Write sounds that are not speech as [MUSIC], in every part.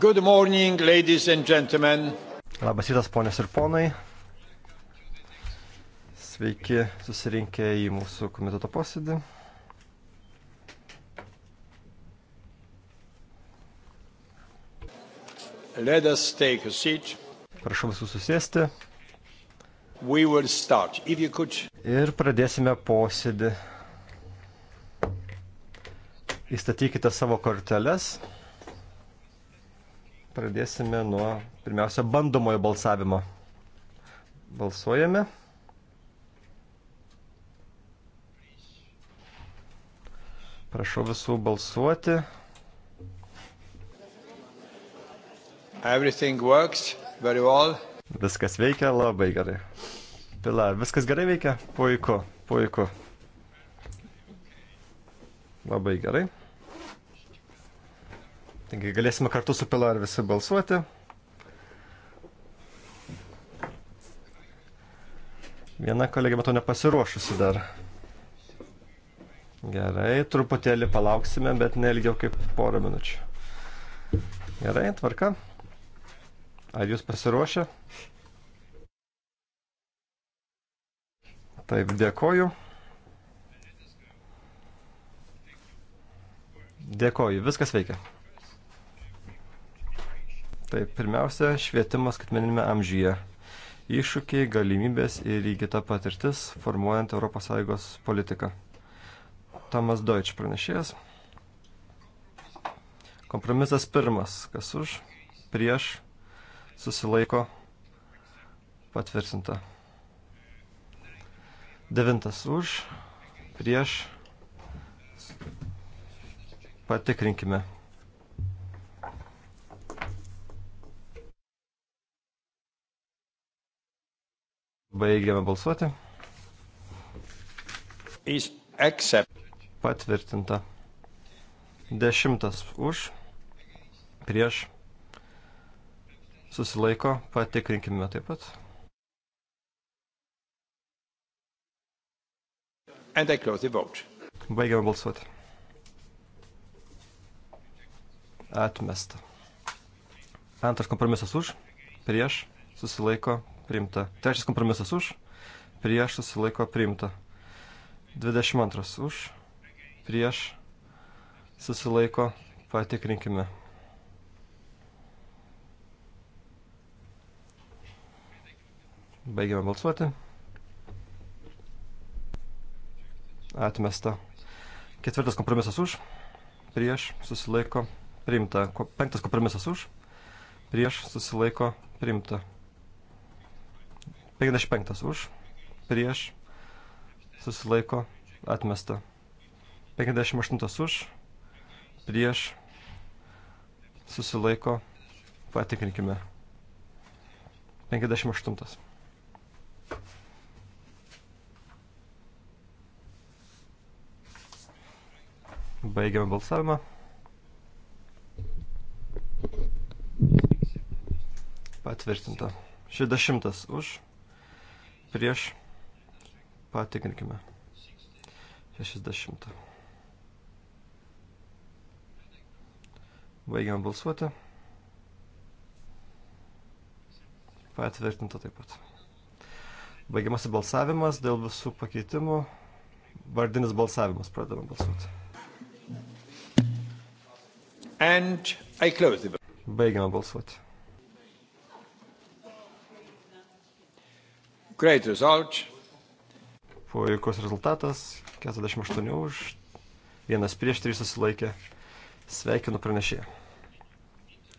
Good morning, ladies and gentlemen. Labas rytas, ponios ir ponai. Sveiki susirinkę į mūsų komiteto posėdį. Let us take a seat. Prašau visus susėsti. We will start. If you could... Ir pradėsime posėdį. Įstatykite savo korteles pradėsime nuo pirmiausia bandomojo balsavimo. Balsuojame. Prašau visų balsuoti. Everything works very well. Viskas veikia labai gerai. Pila, viskas gerai veikia? Puiku, puiku. Labai gerai. Taigi galėsime kartu su Pilar visi balsuoti. Viena kolegė matau nepasiruošusi dar. Gerai, truputėlį palauksime, bet nelgiau kaip porą minučių. Gerai, tvarka. Ar jūs pasiruošę? Taip, dėkoju. Dėkoju, viskas veikia. Taip, pirmiausia, švietimas skaitmeninėme amžiuje. Iššūkiai, galimybės ir įgyta patirtis formuojant ES politiką. Tomas Deutsch pranešėjas. Kompromisas pirmas. Kas už? Prieš? Susilaiko? Patvirtinta. Devintas už? Prieš? Patikrinkime. Baigiame balsuoti. Patvirtinta. Dešimtas už, prieš, susilaiko, patikrinkime taip pat. And I close the vote. Baigiame balsuoti. Atmesta. Antras kompromisas už, prieš, susilaiko, priimta. Trečias kompromisas už, prieš susilaiko priimta. 22 už, prieš susilaiko patikrinkime. Baigiame balsuoti. Atmesta. Ketvirtas kompromisas už, prieš susilaiko priimta. Penktas kompromisas už, prieš susilaiko priimta. 55 už, prieš, susilaiko, atmesta. 58 už, prieš, susilaiko, patikrinkime. 58. Baigiame balsavimą. Patvirtinta. 60 už prieš patikrinkime. 60. Baigiam balsuoti. Patvirtinta taip pat. Baigiamasi balsavimas dėl visų pakeitimų. Vardinis balsavimas pradedam balsuoti. Baigiam balsuoti. Great result. Puikus rezultatas. 48 už. Vienas prieš 3 susilaikė. Sveikinu pranešėją.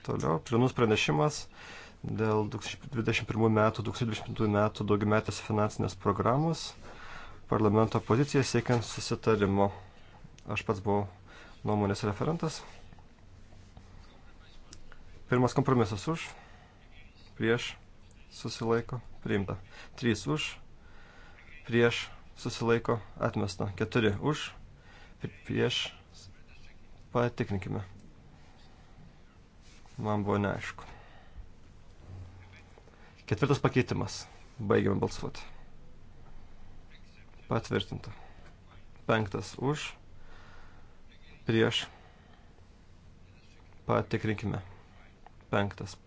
Toliau, plinus pranešimas dėl 2021 metų, 2022 metų daugiametės finansinės programos parlamento poziciją siekiant susitarimo. Aš pats buvau nuomonės referentas. Pirmas kompromisas už, prieš, susilaiko, priimta. 3 už, prieš susilaiko atmesta. 4 už, prieš patikrinkime. Man buvo neaišku. Ketvirtas pakeitimas. Baigiame balsuoti. Patvirtinta. Penktas už, prieš patikrinkime. Penktas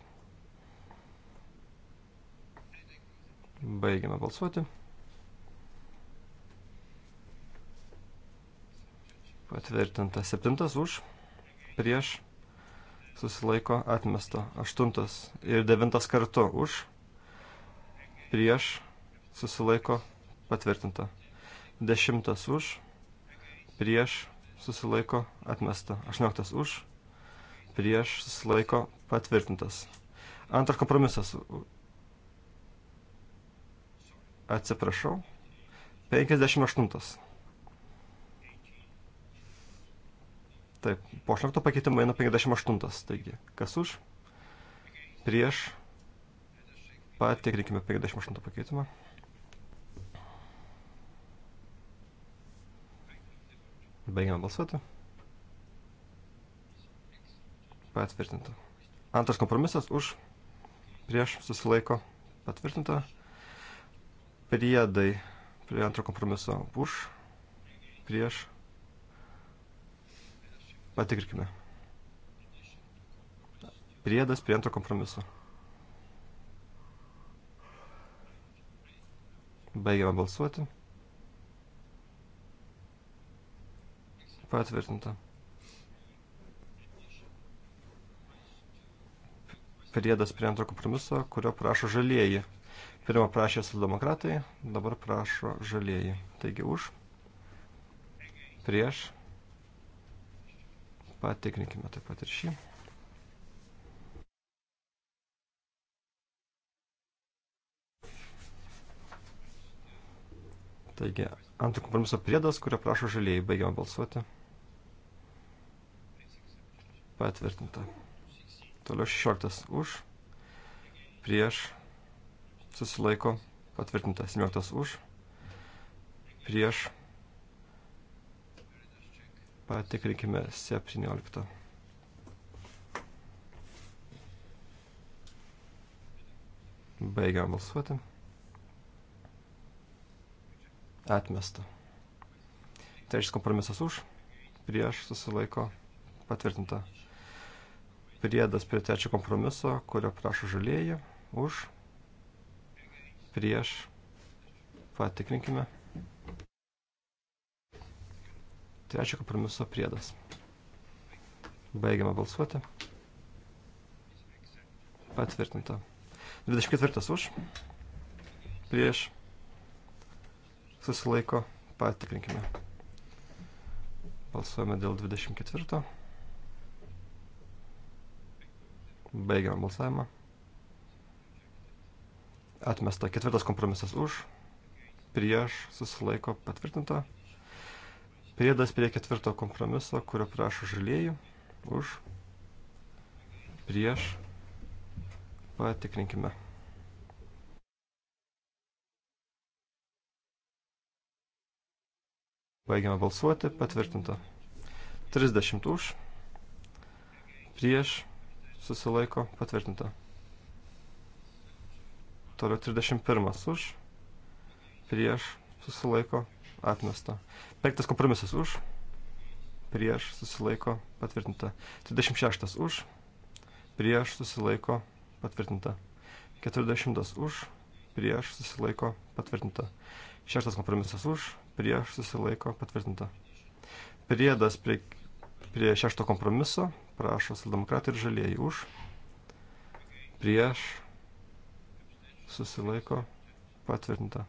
Baigiame balsuoti. Patvirtinta. Septintas už, prieš, susilaiko, atmesta. Aštuntas ir devintas kartu už, prieš, susilaiko, patvirtinta. Dešimtas už, prieš, susilaiko, atmesta. Aštuonioliktas už, prieš, susilaiko, patvirtintas. Antras kompromisas Atsiprašau. 58. Taip, po 18 pakeitimo eina 58. Taigi, kas už? Prieš. Patikrinkime 58 pakeitimą. Baigiame balsuoti. Patvirtinta. Antras kompromisas už prieš susilaiko patvirtinta priedai prie antro kompromiso. Už, prieš. Patikrinkime. Priedas prie antro kompromiso. Baigiame balsuoti. Patvirtinta. Priedas prie antro kompromiso, kurio prašo žalieji. Pirmą prašė sudemokratai, dabar prašo žalieji. Taigi už, prieš, patikrinkime taip pat ir šį. Taigi, antrų kompromiso priedas, kurio prašo žalieji, baigiam balsuoti. Patvirtinta. Toliau 16 už, prieš, prieš susilaiko, patvirtinta 17 už, prieš, patikrinkime 17. Baigiam balsuoti. Atmesta. Trečias kompromisas už, prieš susilaiko, patvirtinta. Priedas prie trečio kompromiso, kurio prašo žalieji, už, prieš, patikrinkime. Trečio kompromiso priedas. Baigiame balsuoti. Patvirtinta. 24 už. Prieš. Susilaiko. Patikrinkime. Balsuojame dėl 24. Baigiame balsavimą atmesta. Ketvirtas kompromisas už, prieš, susilaiko patvirtinta. Priedas prie ketvirto kompromiso, kurio prašo žalieji, už, prieš, patikrinkime. Baigiame balsuoti, patvirtinta. 30 už, prieš, susilaiko, patvirtinta. Toliau 31 už, prieš, susilaiko, atmesta. 5 kompromisas už, prieš, susilaiko, patvirtinta. 26 už, prieš, susilaiko, patvirtinta. 40 už, prieš, susilaiko, patvirtinta. 6 kompromisas už, prieš, susilaiko, patvirtinta. Priedas prie, prie šešto kompromiso prašo saldemokratai ir žalieji už, prieš, susilaiko patvirtinta.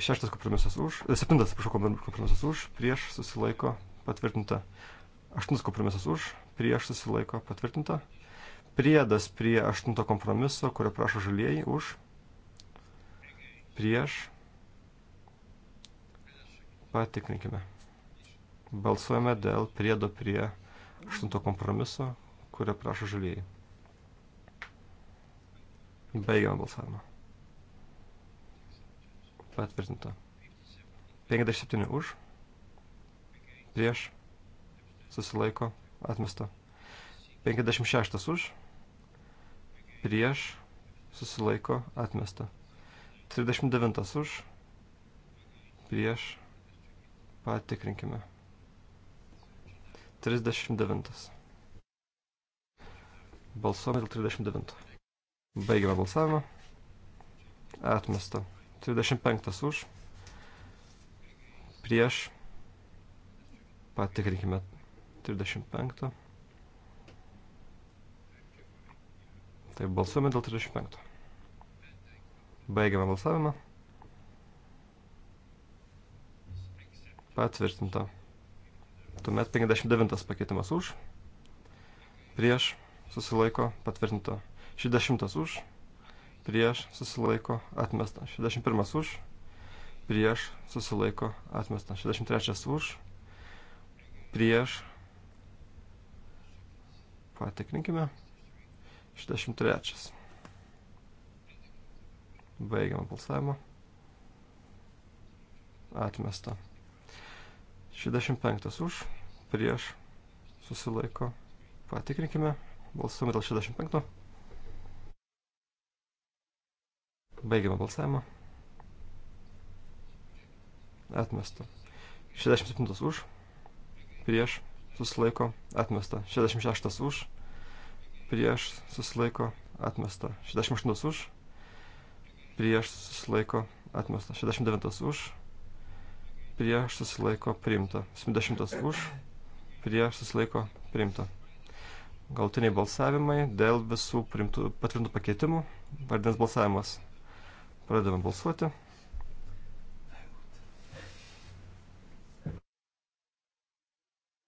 Šeštas kompromisas už, e, septintas, prašau, kompromisas už, prieš susilaiko patvirtinta. Aštuntas kompromisas už, prieš susilaiko patvirtinta. Priedas prie aštunto kompromiso, kurio prašo žalieji, už, prieš, patikrinkime. Balsuojame dėl priedo prie 8 kompromiso, kurio prašo žalieji. Baigiame balsavimą. Patvirtinta. 57 už. Prieš. Susilaiko. Atmesta. 56 už. Prieš. Susilaiko. Atmesta. 39 už. Prieš. Patikrinkime. 39. Balsuojame dėl 39. Baigiame balsavimą. Atmesta. 35 už. Prieš. Patikrinkime 35. Taip, balsuojame dėl 35. Baigiame balsavimą. Patvirtinta. Tuomet 59 pakeitimas už, prieš susilaiko patvirtinta. 60 už, prieš susilaiko atmesta. 61 už, prieš susilaiko atmesta. 63 už, prieš patikrinkime. 63. Baigiam balsavimą. Atmesta. 65 už, prieš, susilaiko. Patikrinkime. Balsuojame dėl 65. Baigiame balsavimą. Atmesta. 67 už, prieš, susilaiko, atmesta. 66 už, prieš, susilaiko, atmesta. 68 už, prieš, susilaiko, atmesta. 69 už, prieš susilaiko priimta. 70 už, prieš susilaiko priimta. Galtiniai balsavimai dėl visų primtų, patvirtintų pakeitimų. Vardinis balsavimas. Pradedame balsuoti.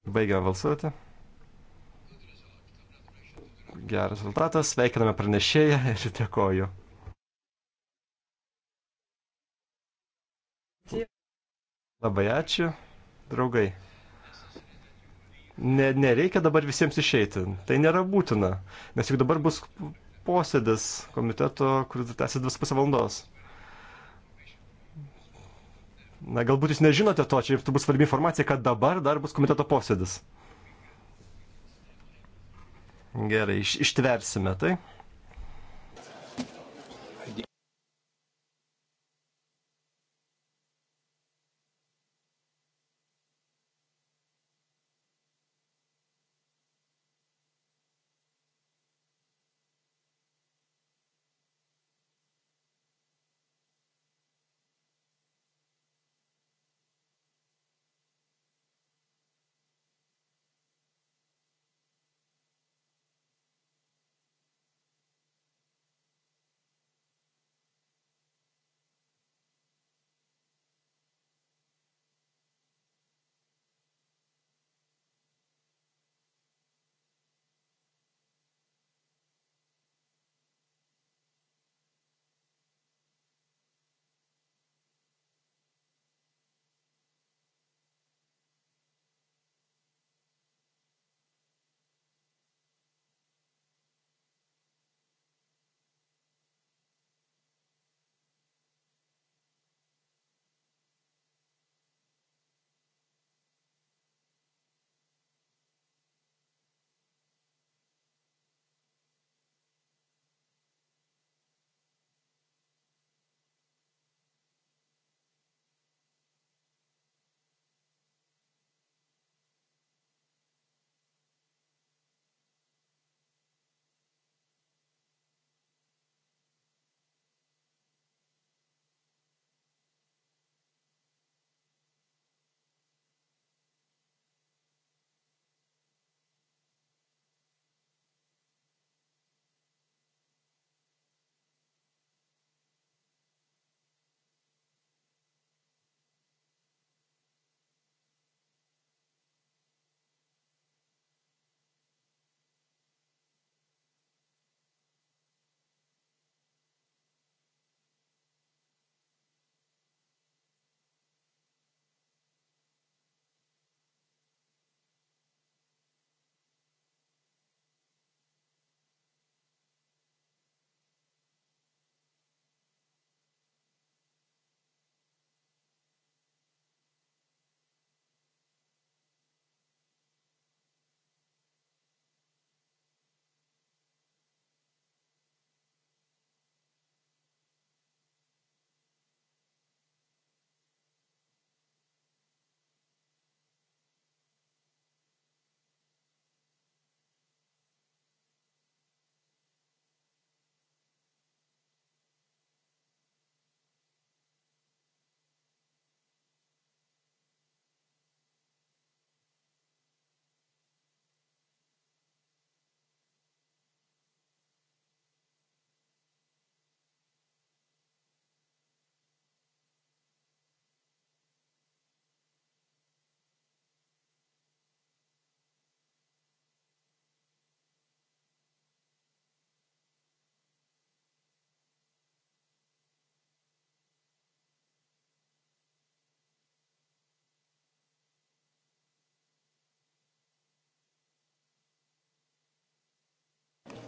Baigiame balsuoti. Geras rezultatas. Sveikiname pranešėją ir dėkoju. Labai ačiū, draugai. Ne, nereikia dabar visiems išeiti. Tai nėra būtina, nes juk dabar bus posėdis komiteto, kuris tęsis 2,5 valandos. Na, galbūt jūs nežinote to, čia turbūt svarbi informacija, kad dabar dar bus komiteto posėdis. Gerai, iš, ištversime tai.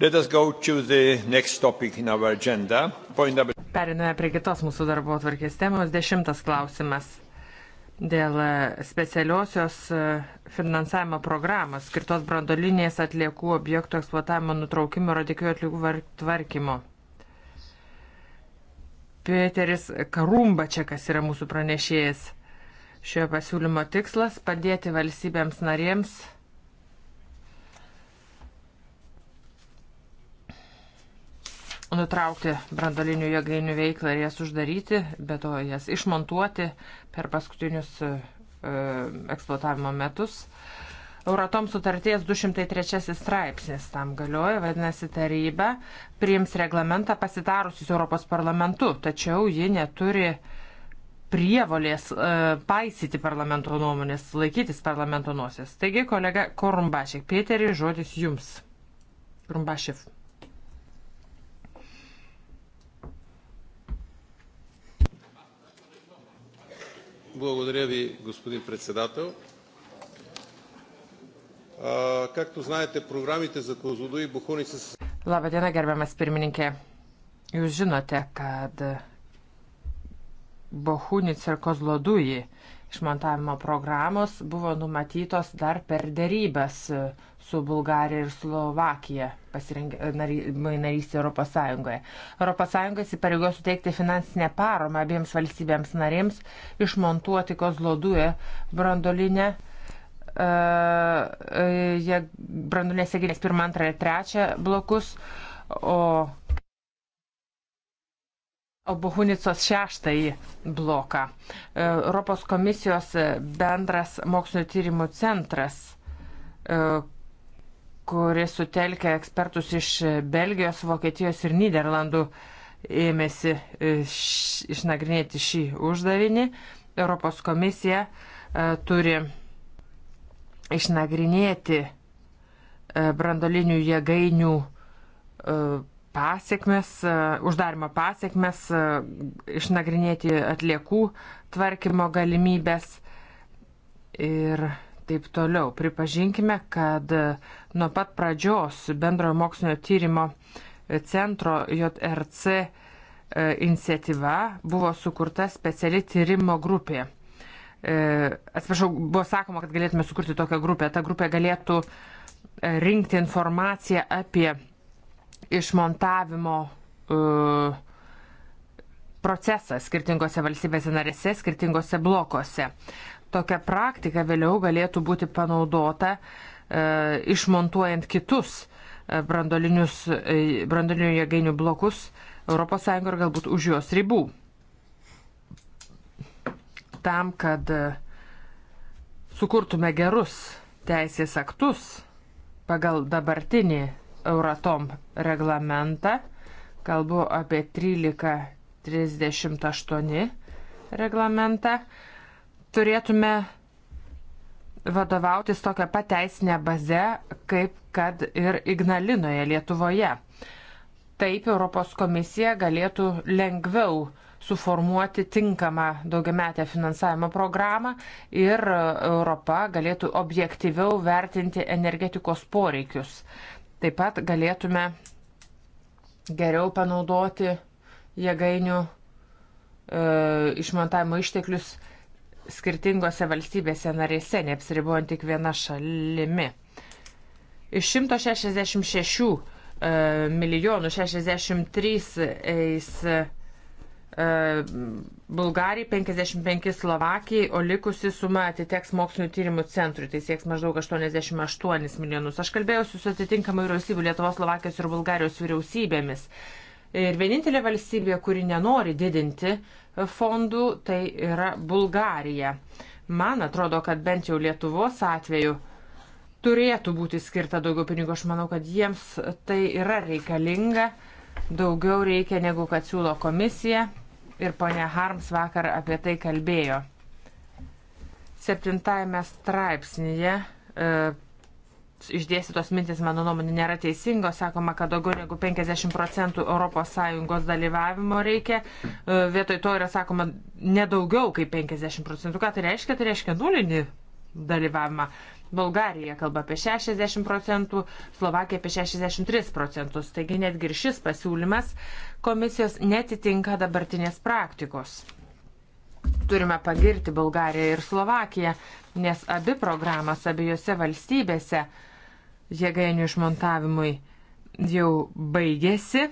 Let us go to the next topic in our agenda. Point number... Periname prie kitos mūsų darbo atvarkės temos. Dešimtas klausimas dėl e, specialiosios e, finansavimo programos skirtos brandolinės atliekų objektų eksploatavimo nutraukimo ir radikių atliekų tvarkymo. Pieteris Karumbačekas yra mūsų pranešėjas. Šio pasiūlymo tikslas - padėti valstybėms narėms nutraukti brandolinių jėgainių veiklą ir jas uždaryti, bet to jas išmontuoti per paskutinius e, eksploatavimo metus. Euratom sutarties 203 straipsnis tam galioja, vadinasi, taryba priims reglamentą pasitarusius Europos parlamentu, tačiau ji neturi prievolės e, paisyti parlamento nuomonės, laikytis parlamento nosies. Taigi, kolega Korumbašek, Pieterį, žodis jums. Korumbašev. Благодаря ви, господин Председател. A, kaktu знаете, programite za Kozludu i Buhunice... Labą dieną, gerbiamas pirmininkė. Jūs žinote, kad Bohunica ir Kozlodujai išmontavimo programos buvo numatytos dar per dėrybas su Bulgarija ir Slovakija e, narystė narys Europos Sąjungoje. Europos Sąjunga įsipareigo suteikti finansinę paramą abiems valstybėms narėms išmontuoti Kozloduje brandolinę uh, brandolinės jėginės pirmą, antrą ir trečią blokus, o Obuhunicos šeštąjį bloką. E, Europos komisijos bendras mokslinio tyrimų centras, e, kuris sutelkia ekspertus iš Belgijos, Vokietijos ir Niderlandų, ėmėsi e, išnagrinėti šį uždavinį. Europos komisija turi išnagrinėti brandolinių jėgainių pasiekmes, e, uždarimo pasiekmes, e, išnagrinėti atliekų tvarkymo galimybės ir taip toliau. Pripažinkime, kad nuo pat pradžios bendrojo mokslinio tyrimo centro JRC e, iniciatyva buvo sukurta speciali tyrimo grupė. Atsiprašau, buvo sakoma, kad galėtume sukurti tokią grupę. Ta grupė galėtų rinkti informaciją apie išmontavimo uh, e, procesas skirtingose valstybėse narėse, skirtingose blokuose. Tokia praktika vėliau galėtų būti panaudota uh, išmontuojant kitus e, brandolinių jėgainių blokus ES ir galbūt už jos ribų. Tam, kad sukurtume gerus teisės aktus pagal dabartinį Euratom reglamentą. Kalbu apie 1338 reglamentą. Turėtume vadovautis tokią pateisinę bazę, kaip kad ir Ignalinoje Lietuvoje. Taip Europos komisija galėtų lengviau suformuoti tinkamą daugiametę finansavimo programą ir Europa galėtų objektyviau vertinti energetikos poreikius. Taip pat galėtume geriau panaudoti jėgainių e, išmontavimo išteklius skirtingose valstybėse narėse, neapsiribuojant tik viena šalimi. Iš 166 e, milijonų 63 eis. E, E, Bulgarijai 55 Slovakijai, o likusi suma atiteks mokslinio tyrimų centrui, tai sieks maždaug 88 milijonus. Aš kalbėjausi su atitinkamai vyriausybių Lietuvos, Slovakijos ir Bulgarijos vyriausybėmis. Ir vienintelė valstybė, kuri nenori didinti fondų, tai yra Bulgarija. Man atrodo, kad bent jau Lietuvos atveju turėtų būti skirta daugiau pinigų. Aš manau, kad jiems tai yra reikalinga. Daugiau reikia negu kad siūlo komisija ir ponia Harms vakar apie tai kalbėjo. Septintajame straipsnėje e, išdėstytos mintis, mano nuomonė, nėra teisingos. Sakoma, kad daugiau negu 50 procentų ES dalyvavimo reikia. E, vietoj to yra sakoma, nedaugiau kaip 50 procentų. Ką tai reiškia? Tai reiškia nulinį dalyvavimą. Bulgarija kalba apie 60 procentų, Slovakija apie 63 procentus. Taigi netgi ir šis pasiūlymas komisijos netitinka dabartinės praktikos. Turime pagirti Bulgariją ir Slovakiją, nes abi programos abiejose valstybėse jėgainių išmontavimui jau baigėsi,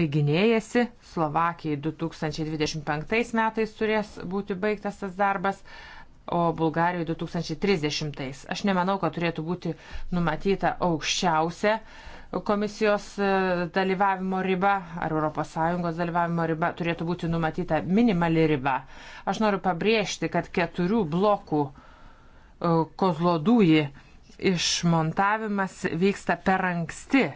baiginėjasi. Slovakijai 2025 metais turės būti baigtas tas darbas, o Bulgarijoje 2030. Aš nemanau, kad turėtų būti numatyta aukščiausia uh, komisijos e, dalyvavimo riba ar ES dalyvavimo riba turėtų būti numatyta minimali riba. Aš noriu pabrėžti, kad keturių blokų e, kozlodųjį išmontavimas vyksta per anksti.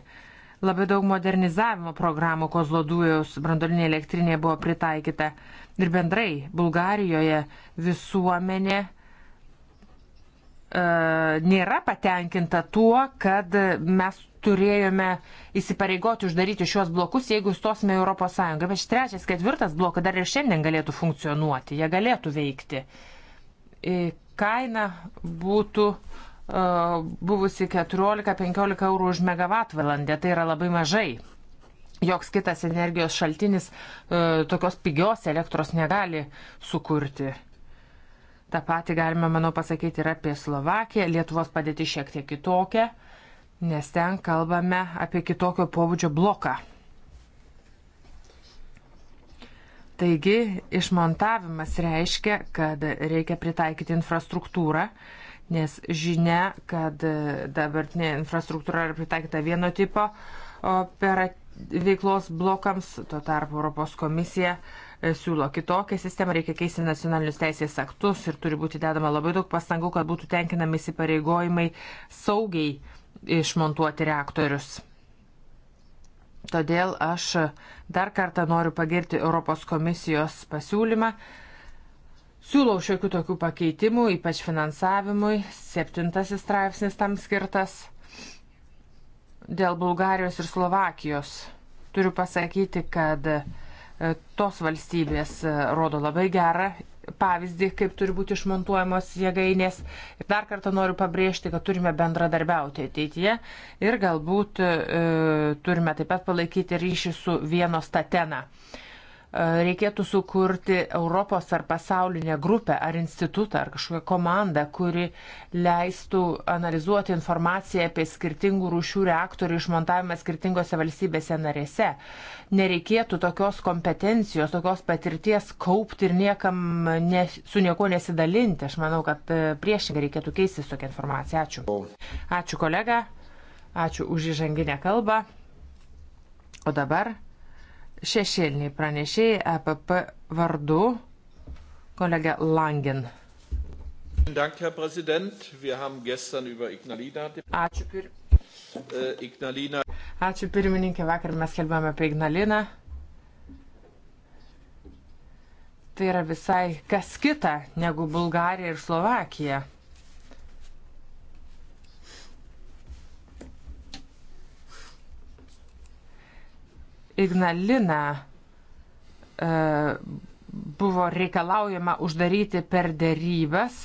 Labai daug modernizavimo programų kozlodujos brandolinė elektrinė buvo pritaikyta. Ir bendrai Bulgarijoje visuomenė e, nėra patenkinta tuo, kad mes turėjome įsipareigoti uždaryti šios blokus, jeigu įstosime Europos Sąjungą. Bet trečias, ketvirtas blokas dar ir šiandien galėtų funkcionuoti, jie galėtų veikti. E, kaina būtų uh, buvusi 14-15 eurų už megavatvalandę, tai yra labai mažai. Joks kitas energijos šaltinis uh, tokios pigios elektros negali sukurti. Ta pati galime, manau, pasakyti ir apie Slovakiją. Lietuvos padėti šiek tiek kitokia. Uh, nes ten kalbame apie kitokio pobūdžio bloką. Taigi, išmontavimas reiškia, kad reikia pritaikyti infrastruktūrą, nes žinia, kad dabartinė infrastruktūra yra pritaikyta vieno tipo operatyvų veiklos blokams, tuo tarpu Europos komisija e, siūlo kitokią sistemą, reikia keisti nacionalinius teisės aktus ir turi būti dedama labai daug pastangų, kad būtų tenkinami įsipareigojimai saugiai išmontuoti reaktorius. Todėl aš dar kartą noriu pagirti Europos komisijos pasiūlymą. Siūlau šiokių tokių pakeitimų, ypač finansavimui. Septintasis straipsnis tam skirtas. Dėl Bulgarijos ir Slovakijos turiu pasakyti, kad e, tos valstybės e, rodo labai gerą pavyzdį, kaip turi būti išmontuojamos jėgainės. Ir dar kartą noriu pabrėžti, kad turime bendradarbiauti ateityje ir galbūt e, turime taip pat palaikyti ryšį su vieno statena. E, E, reikėtų sukurti Europos ar pasaulinę grupę ar institutą ar kažkokią komandą, kuri leistų analizuoti informaciją apie skirtingų rūšių reaktorių išmontavimą skirtingose valstybėse narėse. Nereikėtų tokios kompetencijos, tokios patirties kaupti ir niekam ne, su nieko nesidalinti. Aš manau, kad e, priešingai reikėtų keistis tokią informaciją. Ačiū. Ačiū kolega, ačiū už įžanginę kalbą. O dabar šešėliniai pranešėjai EPP vardu kolega Langin. Ačiū, pir... Äh, Ačiū pirmininkė, vakar mes kalbėjome apie Ignaliną. Tai yra visai kas kita negu Bulgarija ir Slovakija. Ignalina e, buvo reikalaujama uždaryti per dėrybas.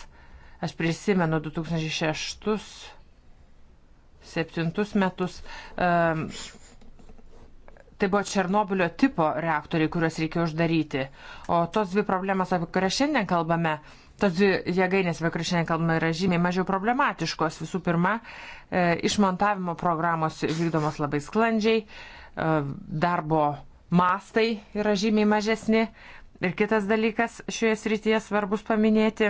Aš prisimenu 2006-2007 metus. E, tai buvo Černobilio tipo reaktoriai, kuriuos reikėjo uždaryti. O tos dvi problemas, apie kurias šiandien kalbame, tos dvi jėgainės, apie kurias šiandien kalbame, yra žymiai mažiau problematiškos. Visų pirma, e, išmontavimo programos vykdomos labai sklandžiai E, darbo mastai yra žymiai mažesni. Ir kitas dalykas šioje srityje svarbus paminėti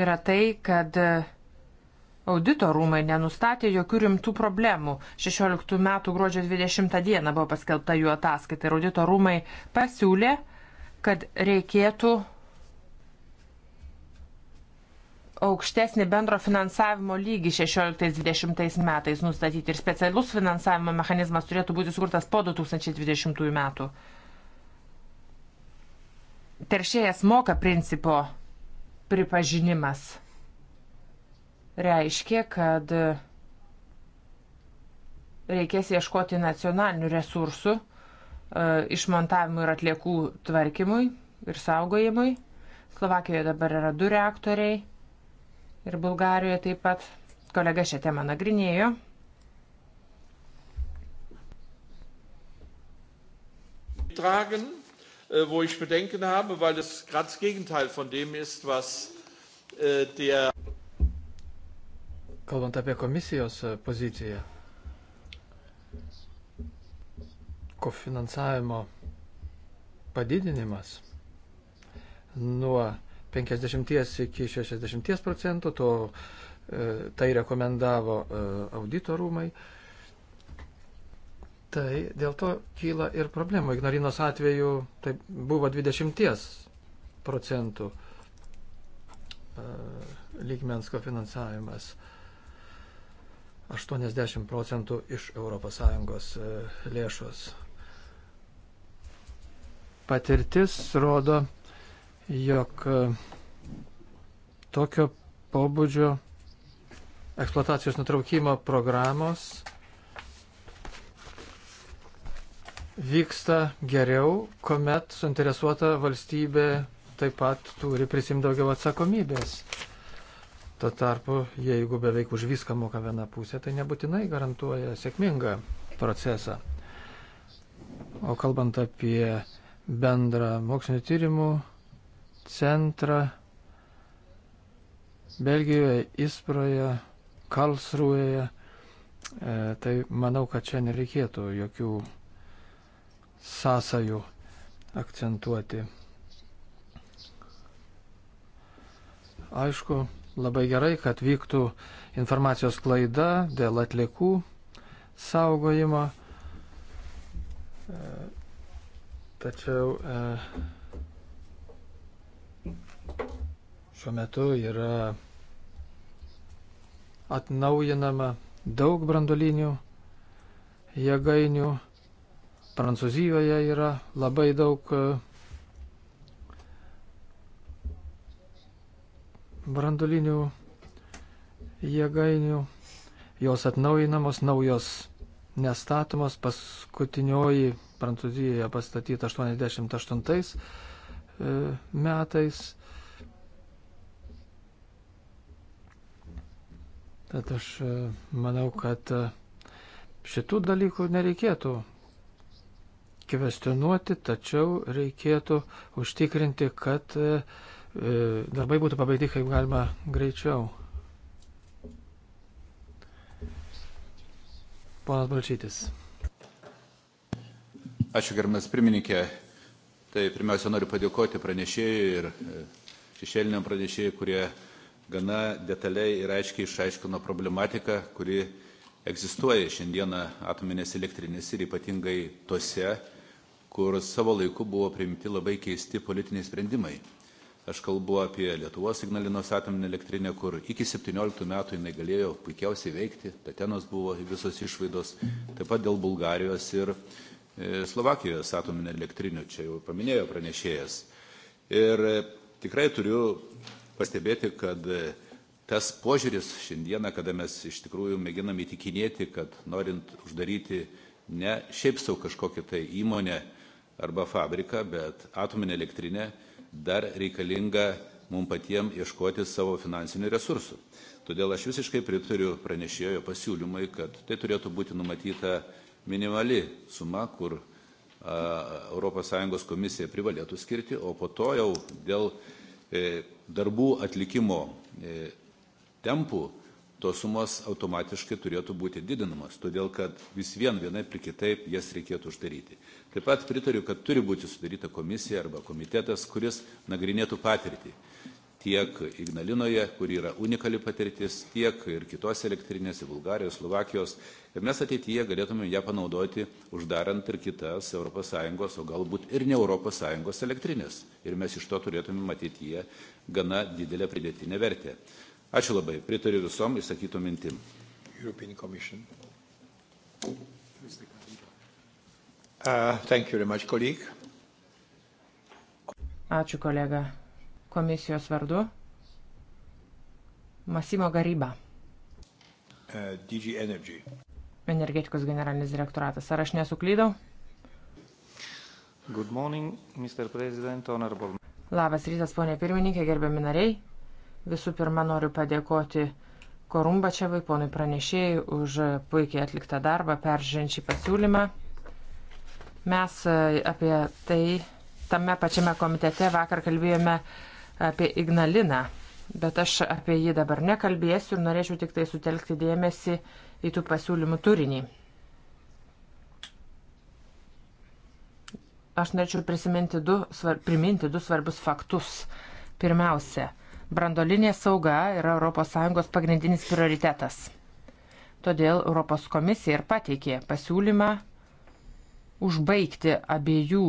yra tai, kad audito rūmai nenustatė jokių rimtų problemų. 16 metų gruodžio 20 dieną buvo paskelbta jų ataskaita ir audito rūmai pasiūlė, kad reikėtų aukštesnį bendro finansavimo lygį 16-20 metais nustatyti ir specialus finansavimo mechanizmas turėtų būti sukurtas po 2020 metų. Teršėjas moka principo pripažinimas reiškia, kad reikės ieškoti nacionalinių resursų e, išmontavimui ir atliekų tvarkymui ir saugojimui. Slovakijoje dabar yra du reaktoriai ir Bulgarijoje taip pat. Kolega šią temą nagrinėjo. Tragen, äh, wo ich Bedenken habe, weil es gerade das Gegenteil von dem ist, was äh, der. Kalbant apie komisijos äh, poziciją, kofinansavimo padidinimas nuo 50 iki 60 procentų, to e, tai rekomendavo e, audito rūmai. Tai dėl to kyla ir problemų. Ignorinos atveju tai buvo 20 procentų e, lygmensko finansavimas. 80 procentų iš ES lėšos. Patirtis rodo, jog e, tokio pobūdžio eksploatacijos nutraukimo programos vyksta geriau, kuomet suinteresuota valstybė taip pat turi prisimti daugiau atsakomybės. Tuo tarpu, jeigu beveik už viską moka viena pusė, tai nebūtinai garantuoja sėkmingą procesą. O kalbant apie bendrą mokslinio tyrimų centrą Belgijoje, Isproje, Kalsrūėje. E, tai manau, kad čia nereikėtų jokių sąsajų akcentuoti. Aišku, labai gerai, kad vyktų informacijos klaida dėl atliekų saugojimo. E, tačiau e, Šiuo metu yra atnaujinama daug brandolinių jėgainių. Prancūzijoje yra labai daug e, brandolinių jėgainių. Jos atnaujinamos, naujos nestatomos. Paskutinioji Prancūzijoje pastatyta 88 e, metais. Tad aš e, manau, kad e, šitų dalykų nereikėtų kvestionuoti, tačiau reikėtų užtikrinti, kad e, darbai būtų pabaigti kaip galima greičiau. Ponas Balčytis. Ačiū, gerbimas pirmininkė. Tai pirmiausia, noriu padėkoti pranešėjai ir šešėliniam pranešėjai, kurie gana detaliai ir aiškiai išaiškino problematiką, kuri egzistuoja šiandieną atominės elektrinės ir ypatingai tose, kur savo laiku buvo priimti labai keisti politiniai sprendimai. Aš kalbu apie Lietuvos Ignalinos atominę elektrinę, kur iki 17 metų jinai galėjo puikiausiai veikti, Tatenos buvo visos išvaidos, taip pat dėl Bulgarijos ir e, Slovakijos atominę elektrinę, čia jau paminėjo pranešėjas. Ir e, tikrai turiu pastebėti, kad e, tas požiūris šiandieną, kada mes iš tikrųjų mėginam įtikinėti, kad norint uždaryti ne šiaip savo kažkokią tai įmonę arba fabriką, bet atominę elektrinę, dar reikalinga mums patiems ieškoti savo finansinių resursų. Todėl aš visiškai pritariu pranešėjo pasiūlymui, kad tai turėtų būti numatyta minimali suma, kur a, ES komisija privalėtų skirti, o po to jau dėl E, darbų atlikimo e, tempų tos sumos automatiškai turėtų būti didinamas, todėl kad vis vien vienaip ir kitaip jas reikėtų uždaryti. Taip pat pritariu, kad turi būti sudaryta komisija arba komitetas, kuris nagrinėtų patirtį tiek Ignalinoje, kur yra unikali patirtis, tiek ir kitose elektrinėse, Bulgarijos, Slovakijos. Ir mes ateityje galėtume ją panaudoti, uždarant ir kitas ES, o galbūt ir ne ES elektrinės. Ir mes iš to turėtume ateityje gana didelę pridėtinę vertę. Ačiū labai, pritariu visom išsakytų mintim. European Commission. Uh, thank you very much, colleague. Ačiū kolega komisijos vardu Masimo Garyba. E, DG Energy. Energetikos generalinis direktoratas. Ar aš nesuklydau? Good morning, Mr. President, honorable. Labas rytas, ponė pirmininkė, gerbiami nariai. Visų pirma, noriu padėkoti Korumbačiavai, ponui pranešėjai, už puikiai atliktą darbą, peržiūrint šį pasiūlymą. Mes e, apie tai tame pačiame komitete vakar kalbėjome uh, apie Ignaliną, bet aš apie jį dabar nekalbėsiu ir norėčiau tik tai sutelkti dėmesį į tų pasiūlymų turinį. Aš norėčiau prisiminti du, svar, priminti du svarbus faktus. Pirmiausia, brandolinė sauga yra ES pagrindinis prioritetas. Todėl Europos komisija ir pateikė pasiūlymą užbaigti abiejų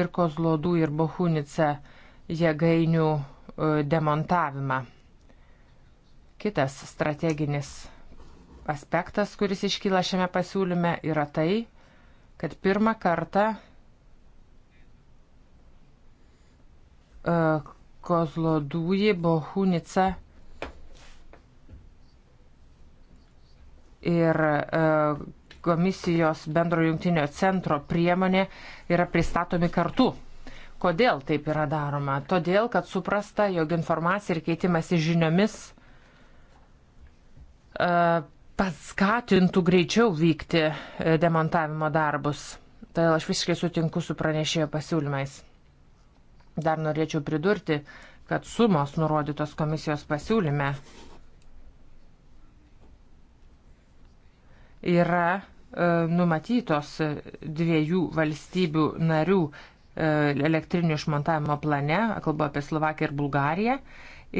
ir Kozlodų ir Bohunice uh, jėgainių e, demontavimą. Kitas strateginis aspektas, kuris iškyla šiame pasiūlyme, yra tai, kad pirmą kartą e, Kozlodūji, Bohunica ir e, komisijos bendro jungtinio centro priemonė yra pristatomi kartu Kodėl taip yra daroma? Todėl, kad suprasta, jog informacija ir keitimas į žiniomis e, paskatintų greičiau vykti e, demontavimo darbus. Todėl aš visiškai sutinku su pranešėjo pasiūlymais. Dar norėčiau pridurti, kad sumos nurodytos komisijos pasiūlyme yra e, numatytos dviejų valstybių narių elektrinių išmontavimo plane, kalbu apie Slovakiją ir Bulgariją,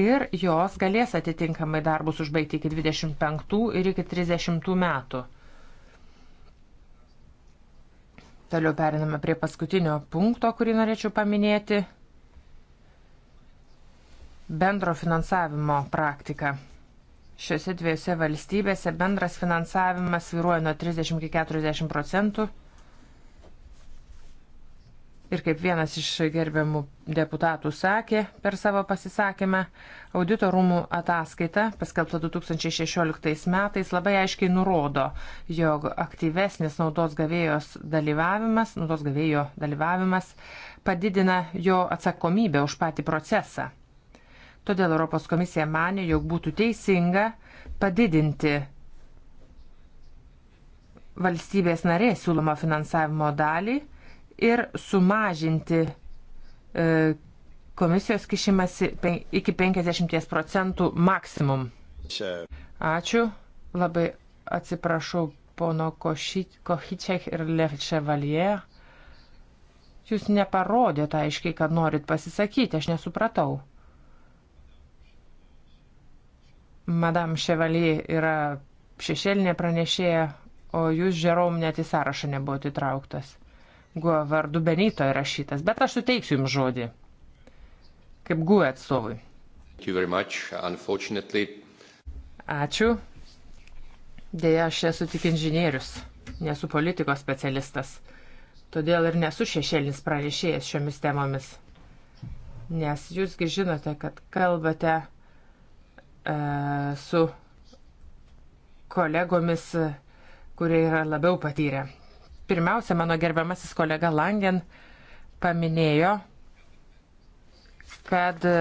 ir jos galės atitinkamai darbus užbaigti iki 25 ir iki 30 metų. Toliau periname prie paskutinio punkto, kurį norėčiau paminėti - bendro finansavimo praktika. Šiuose dviejose valstybėse bendras finansavimas sviruoja nuo 30 iki 40 procentų Ir kaip vienas iš gerbiamų deputatų sakė per savo pasisakymą, audito rūmų ataskaita, paskelbta 2016 metais, labai aiškiai nurodo, jog aktyvesnis naudos gavėjos dalyvavimas, naudos gavėjo dalyvavimas padidina jo atsakomybę už patį procesą. Todėl Europos komisija manė, jog būtų teisinga padidinti valstybės narės siūlomą finansavimo dalį ir sumažinti e, komisijos kišimasi iki 50 procentų maksimum. Ačiū. Labai atsiprašau pono Kohiček ir Lev Chevalier. Jūs neparodėte aiškiai, kad norit pasisakyti, aš nesupratau. Madame Chevalier yra šešėlinė pranešėja, o jūs, Žerom, net į sąrašą nebuvote įtrauktas. Guo vardu Benito įrašytas, bet aš suteiksiu jums žodį. Kaip Guo atstovui. Ačiū. Deja, aš esu tik inžinierius, nesu politikos specialistas. Todėl ir nesu šešėlis pranešėjęs šiomis temomis. Nes jūsgi žinote, kad kalbate e, su kolegomis, kurie yra labiau patyrę. Pirmiausia, mano gerbiamasis kolega Langen paminėjo, kad e,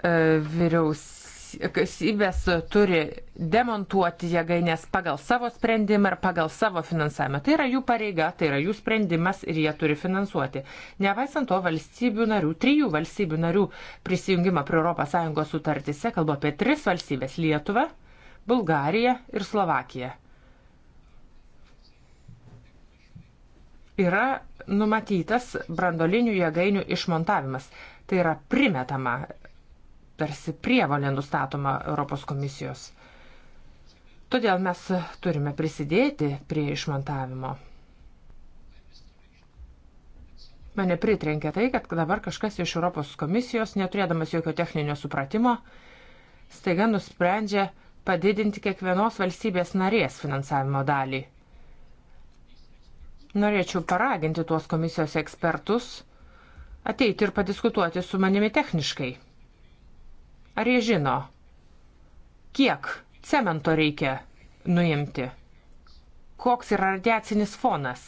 e, vyriausybės turi demontuoti jėgainės pagal savo sprendimą ir pagal savo finansavimą. Tai yra jų pareiga, tai yra jų sprendimas ir jie turi finansuoti. Nepaisant to, valstybių narių, trijų valstybių narių prisijungimą prie ES sutartise, kalbu apie tris valstybės - Lietuvą, Bulgariją ir Slovakiją. yra numatytas brandolinių jėgainių išmontavimas. Tai yra primetama, tarsi prievalė nustatoma Europos komisijos. Todėl mes turime prisidėti prie išmontavimo. Mane pritrenkė tai, kad dabar kažkas iš Europos komisijos, neturėdamas jokio techninio supratimo, staiga nusprendžia padidinti kiekvienos valstybės narės finansavimo dalį. Norėčiau paraginti tuos komisijos ekspertus ateiti ir padiskutuoti su manimi techniškai. Ar jie žino, kiek cemento reikia nuimti? Koks yra radiacinis fonas?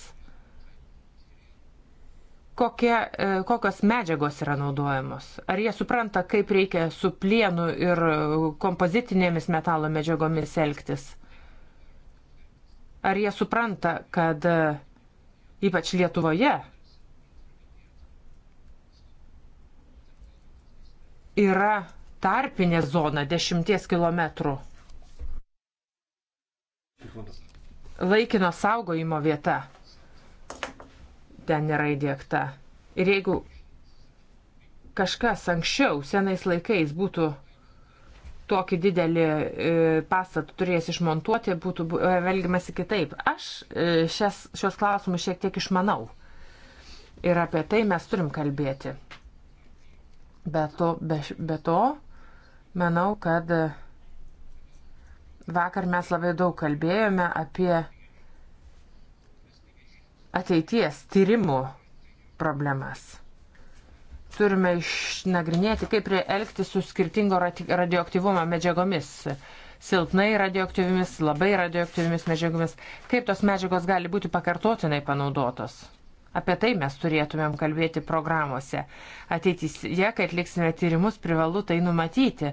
kokie, kokios medžiagos yra naudojamos. Ar jie supranta, kaip reikia su plienu ir kompozitinėmis metalo medžiagomis elgtis. Ar jie supranta, kad uh, ypač Lietuvoje, yra tarpinė zona 10 km. Laikino saugojimo vieta ten yra įdėkta. Ir jeigu kažkas anksčiau, senais laikais būtų tokį didelį e, pastatą turėjęs išmontuoti, būtų velgiamasi e, kitaip. Aš e, šias, šios klausimus šiek tiek išmanau. Ir apie tai mes turim kalbėti. Be to, be, be to manau, kad vakar mes labai daug kalbėjome apie ateities tyrimų problemas turime išnagrinėti, kaip elgti su skirtingo radioaktyvumo medžiagomis. Silpnai radioaktyvimis, labai radioaktyvimis medžiagomis. Kaip tos medžiagos gali būti pakartotinai panaudotos? Apie tai mes turėtumėm kalbėti programuose. Ateityje, kai atliksime tyrimus, privalu tai numatyti,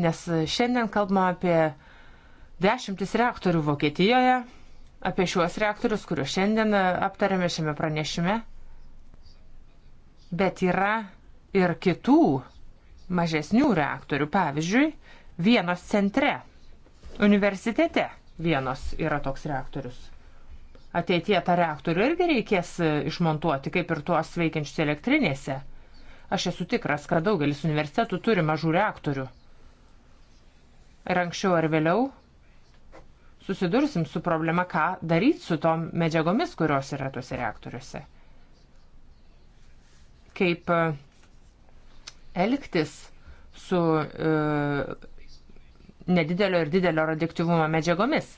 nes šiandien kalbame apie dešimtis reaktorių Vokietijoje, apie šiuos reaktorius, kuriuos šiandien e, aptarėme šiame pranešime. Bet yra ir kitų mažesnių reaktorių, pavyzdžiui, vienos centre, universitete vienos yra toks reaktorius. Ateitie tą reaktorių irgi reikės e, išmontuoti, kaip ir tuos veikiančius elektrinėse. Aš esu tikras, kad daugelis universitetų turi mažų reaktorių. Ir anksčiau ar vėliau susidursim su problema, ką daryti su tom medžiagomis, kurios yra tuose reaktoriuose. Kaip e, elgtis su e, nedidelio ir didelio radioaktyvumo medžiagomis.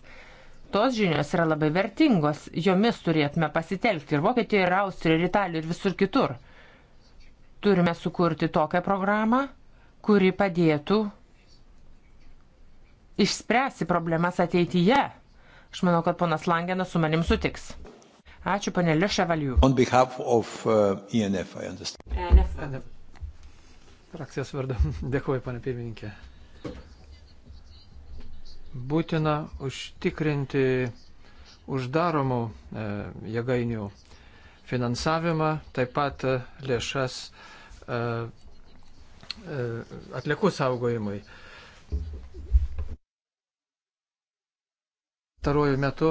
Tos žinios yra labai vertingos, jomis turėtume pasitelkti ir Vokietijoje, ir Austrijoje, ir Italijoje, ir visur kitur. Turime sukurti tokią programą, kuri padėtų išspręsti problemas ateityje. Aš manau, kad ponas Langenas su manim sutiks. Ačiū, panelė Ševaliu. On behalf of uh, ENF, I understand. ENF. ENF frakcijos vardu. [LAUGHS] Dėkuoju, pane pirmininkė. Būtina užtikrinti uždaromų e, jėgainių finansavimą, taip pat e, lėšas e, e, atliekų saugojimui. Taruoju metu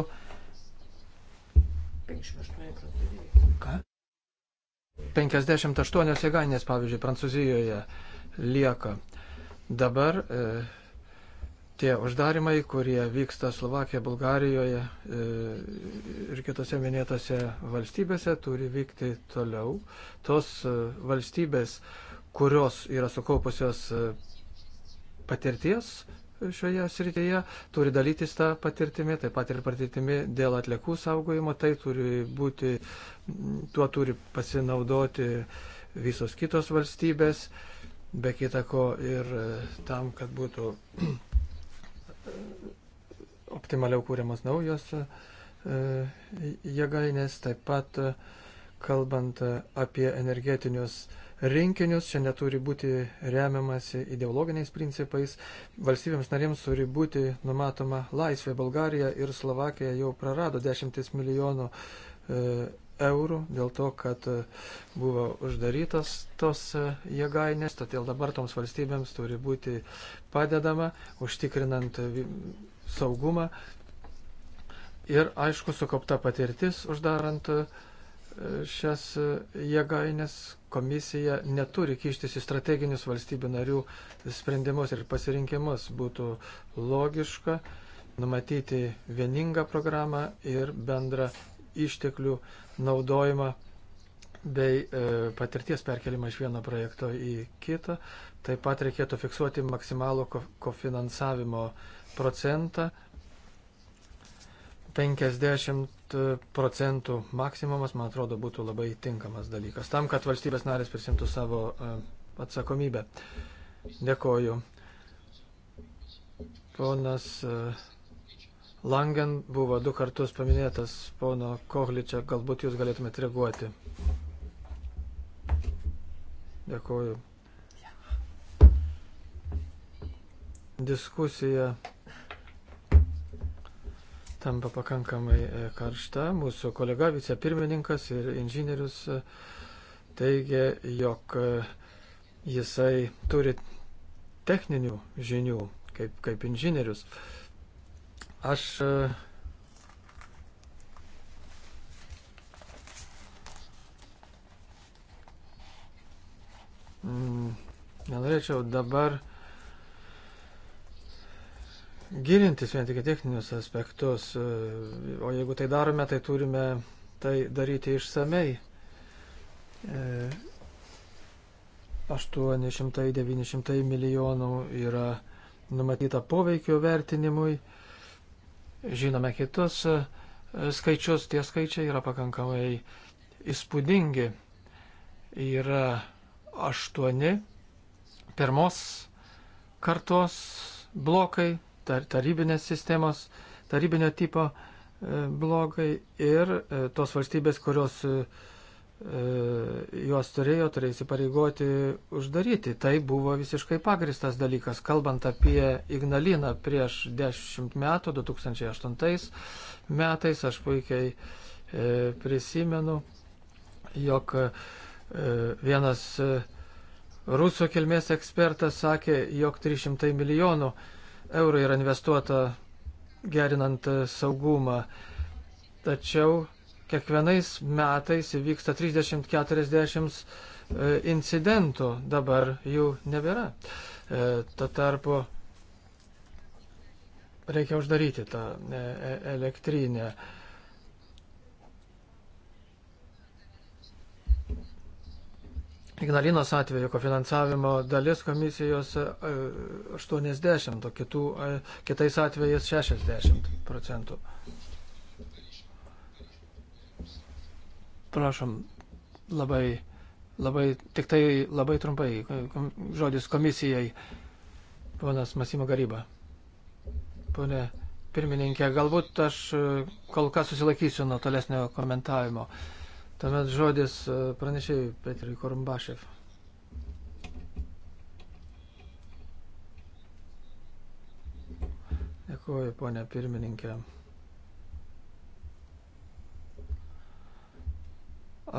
58 procentų. 58 jėgainės, pavyzdžiui, Prancūzijoje lieka. Dabar e, tie uždarimai, kurie vyksta Slovakijoje, Bulgarijoje e, ir kitose minėtose valstybėse, turi vykti toliau. Tos e, valstybės, kurios yra sukaupusios e, patirties šioje srityje, turi dalytis tą patirtimį, taip pat ir patirtimi dėl atliekų saugojimo, tai turi būti, tuo turi pasinaudoti visos kitos valstybės, be kitako ir e, tam, kad būtų [CLEARS THROAT] optimaliau kūriamos naujos e, jėgainės, taip pat e, kalbant apie energetinius rinkinius, čia neturi būti remiamasi ideologiniais principais, valstybėms narėms turi būti numatoma laisvė. Bulgarija ir Slovakija jau prarado dešimtis milijonų e, eurų dėl to, kad e, buvo uždarytos tos e, jėgainės, todėl dabar toms valstybėms turi būti padedama, užtikrinant saugumą. Ir aišku, sukaupta patirtis uždarant uh, šias jėgainės, komisija neturi kištis į strateginius valstybių narių sprendimus ir pasirinkimus. Būtų logiška numatyti vieningą programą ir bendrą išteklių naudojimą bei e, patirties perkelimą iš vieno projekto į kitą. Taip pat reikėtų fiksuoti maksimalų kofinansavimo procentą 50 procentų maksimumas, man atrodo, būtų labai tinkamas dalykas tam, kad valstybės narės prisimtų savo e, atsakomybę. Dėkoju. Ponas e, Langen buvo du kartus paminėtas pono Kohličia, galbūt jūs galėtumėte reaguoti. Dėkoju. Diskusija tampa pakankamai e, karšta. Mūsų kolega vicepirmininkas ir inžinierius e, teigia, jog e, jisai turi techninių žinių kaip, kaip inžinierius. Aš mm, nenorėčiau dabar gilintis vien tik į techninius aspektus, e, o jeigu tai darome, tai turime tai daryti išsamei. 800-900 e, milijonų yra numatyta poveikio vertinimui. Žinome kitus e, skaičius, tie skaičiai yra pakankamai įspūdingi. Yra aštuoni pirmos kartos blokai tar, tarybinės sistemos, tarybinio tipo e, blogai ir e, tos valstybės, kurios e, e, juos turėjo, turėjo įsipareigoti uždaryti. Tai buvo visiškai pagristas dalykas. Kalbant apie Ignaliną prieš dešimt metų, 2008 metais, aš puikiai e, prisimenu, jog e, vienas e, rusų kilmės ekspertas sakė, jog 300 milijonų e, eurų yra investuota gerinant saugumą. Tačiau kiekvienais metais įvyksta 30-40 e, incidentų, dabar jų nebėra. E, tuo tarpu reikia uždaryti tą e, elektrinę. E Ignalinos atveju kofinansavimo dalis komisijos 80, e, o kitų, e, kitais atvejais 60 procentų. Prašom, labai, labai, tik tai labai trumpai žodis komisijai, ponas Masimo Garyba. Pone pirmininkė, galbūt aš e, kol kas susilaikysiu nuo tolesnio komentavimo. Uh, Tuomet žodis e, pranešėjui Petrui Korumbašev. Dėkuoju, ponė pirmininkė.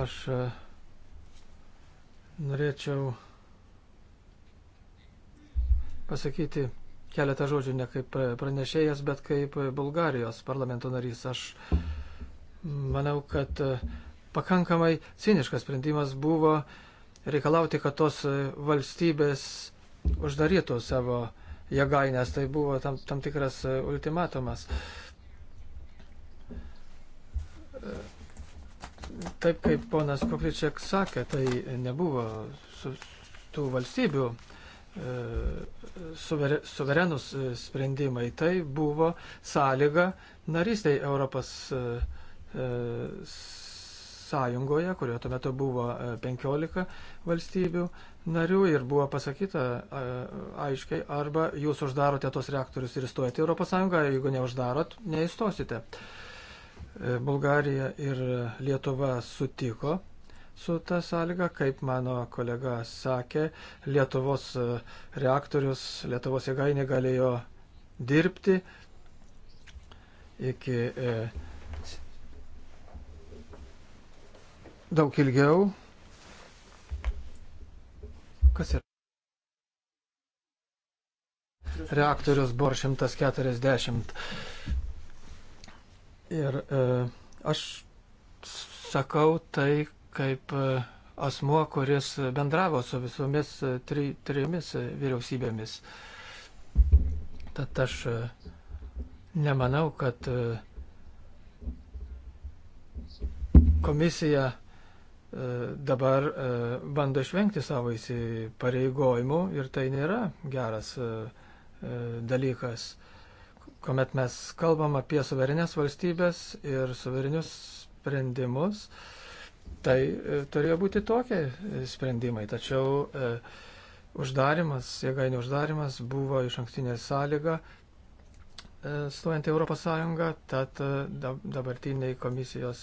Aš e, norėčiau pasakyti keletą žodžių ne kaip pranešėjas, bet kaip Bulgarijos parlamento narys. Aš manau, kad e, pakankamai ciniškas sprendimas buvo reikalauti, kad tos valstybės uždarytų savo jėgainės. Tai buvo tam, tam tikras ultimatumas. Taip kaip ponas Koplyčiak sakė, tai nebuvo su, tų valstybių e, suver, suverenus e, sprendimai. Tai buvo sąlyga narystiai Europos e, sąjungoje, kurioje tuo metu buvo 15 e, valstybių narių ir buvo pasakyta e, aiškiai, arba jūs uždarote tos reaktorius ir įstojate į Europos Sąjungą, jeigu neuždarot, neįstosite. E, Bulgarija ir Lietuva sutiko su ta sąlyga, kaip mano kolega sakė, Lietuvos reaktorius, Lietuvos jėgainė galėjo dirbti iki e, daug ilgiau. Kas yra? Reaktorius Bor 140. Ir e, aš sakau tai kaip e, asmuo, kuris bendravo su visomis e, tri, trimis e, vyriausybėmis. Tad aš nemanau, kad komisija dabar e, bando išvengti savo įsipareigojimų ir tai nėra geras e, e, dalykas, kuomet mes kalbam apie suverenės valstybės ir suverenius sprendimus. Tai turėjo būti tokie sprendimai, tačiau uždarimas, jėgainių uždarimas buvo iš ankstinė sąlyga stojant į Europos Sąjungą, tad dabartiniai komisijos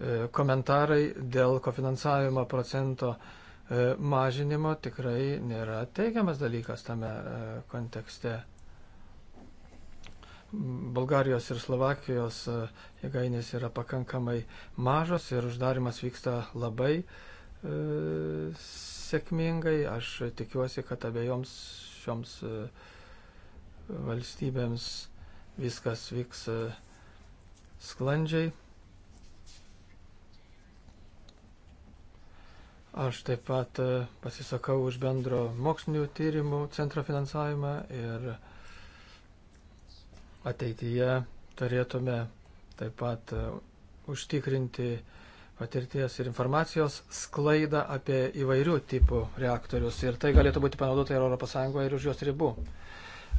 E, komentarai dėl kofinansavimo procento e, mažinimo tikrai nėra teigiamas dalykas tame e, kontekste. Bulgarijos ir Slovakijos jėgainės yra pakankamai mažos ir uždarimas vyksta labai e, sėkmingai. Aš tikiuosi, kad abiejoms šioms e, valstybėms viskas vyks e, sklandžiai. Aš taip pat e, pasisakau už bendro mokslinių tyrimų centro finansavimą ir ateityje turėtume taip pat e, užtikrinti patirties ir informacijos sklaidą apie įvairių tipų reaktorius. Ir tai galėtų būti panaudota ir ES, ir už jos ribų.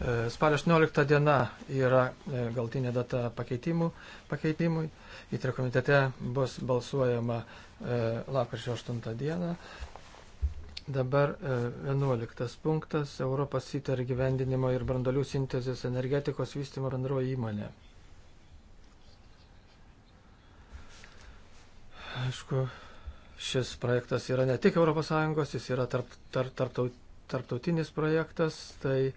E, spalio 18 diena yra e, galtinė data pakeitimų, pakeitimui. Į trikomitete bus balsuojama e, lapkričio 8 dieną. Dabar 11 punktas - Europos įtar gyvendinimo ir brandolių sintezės energetikos vystimo bendroji įmonė. Aišku, šis projektas yra ne tik ES, jis yra tarp, tarp, tarptautinis projektas, tai uh,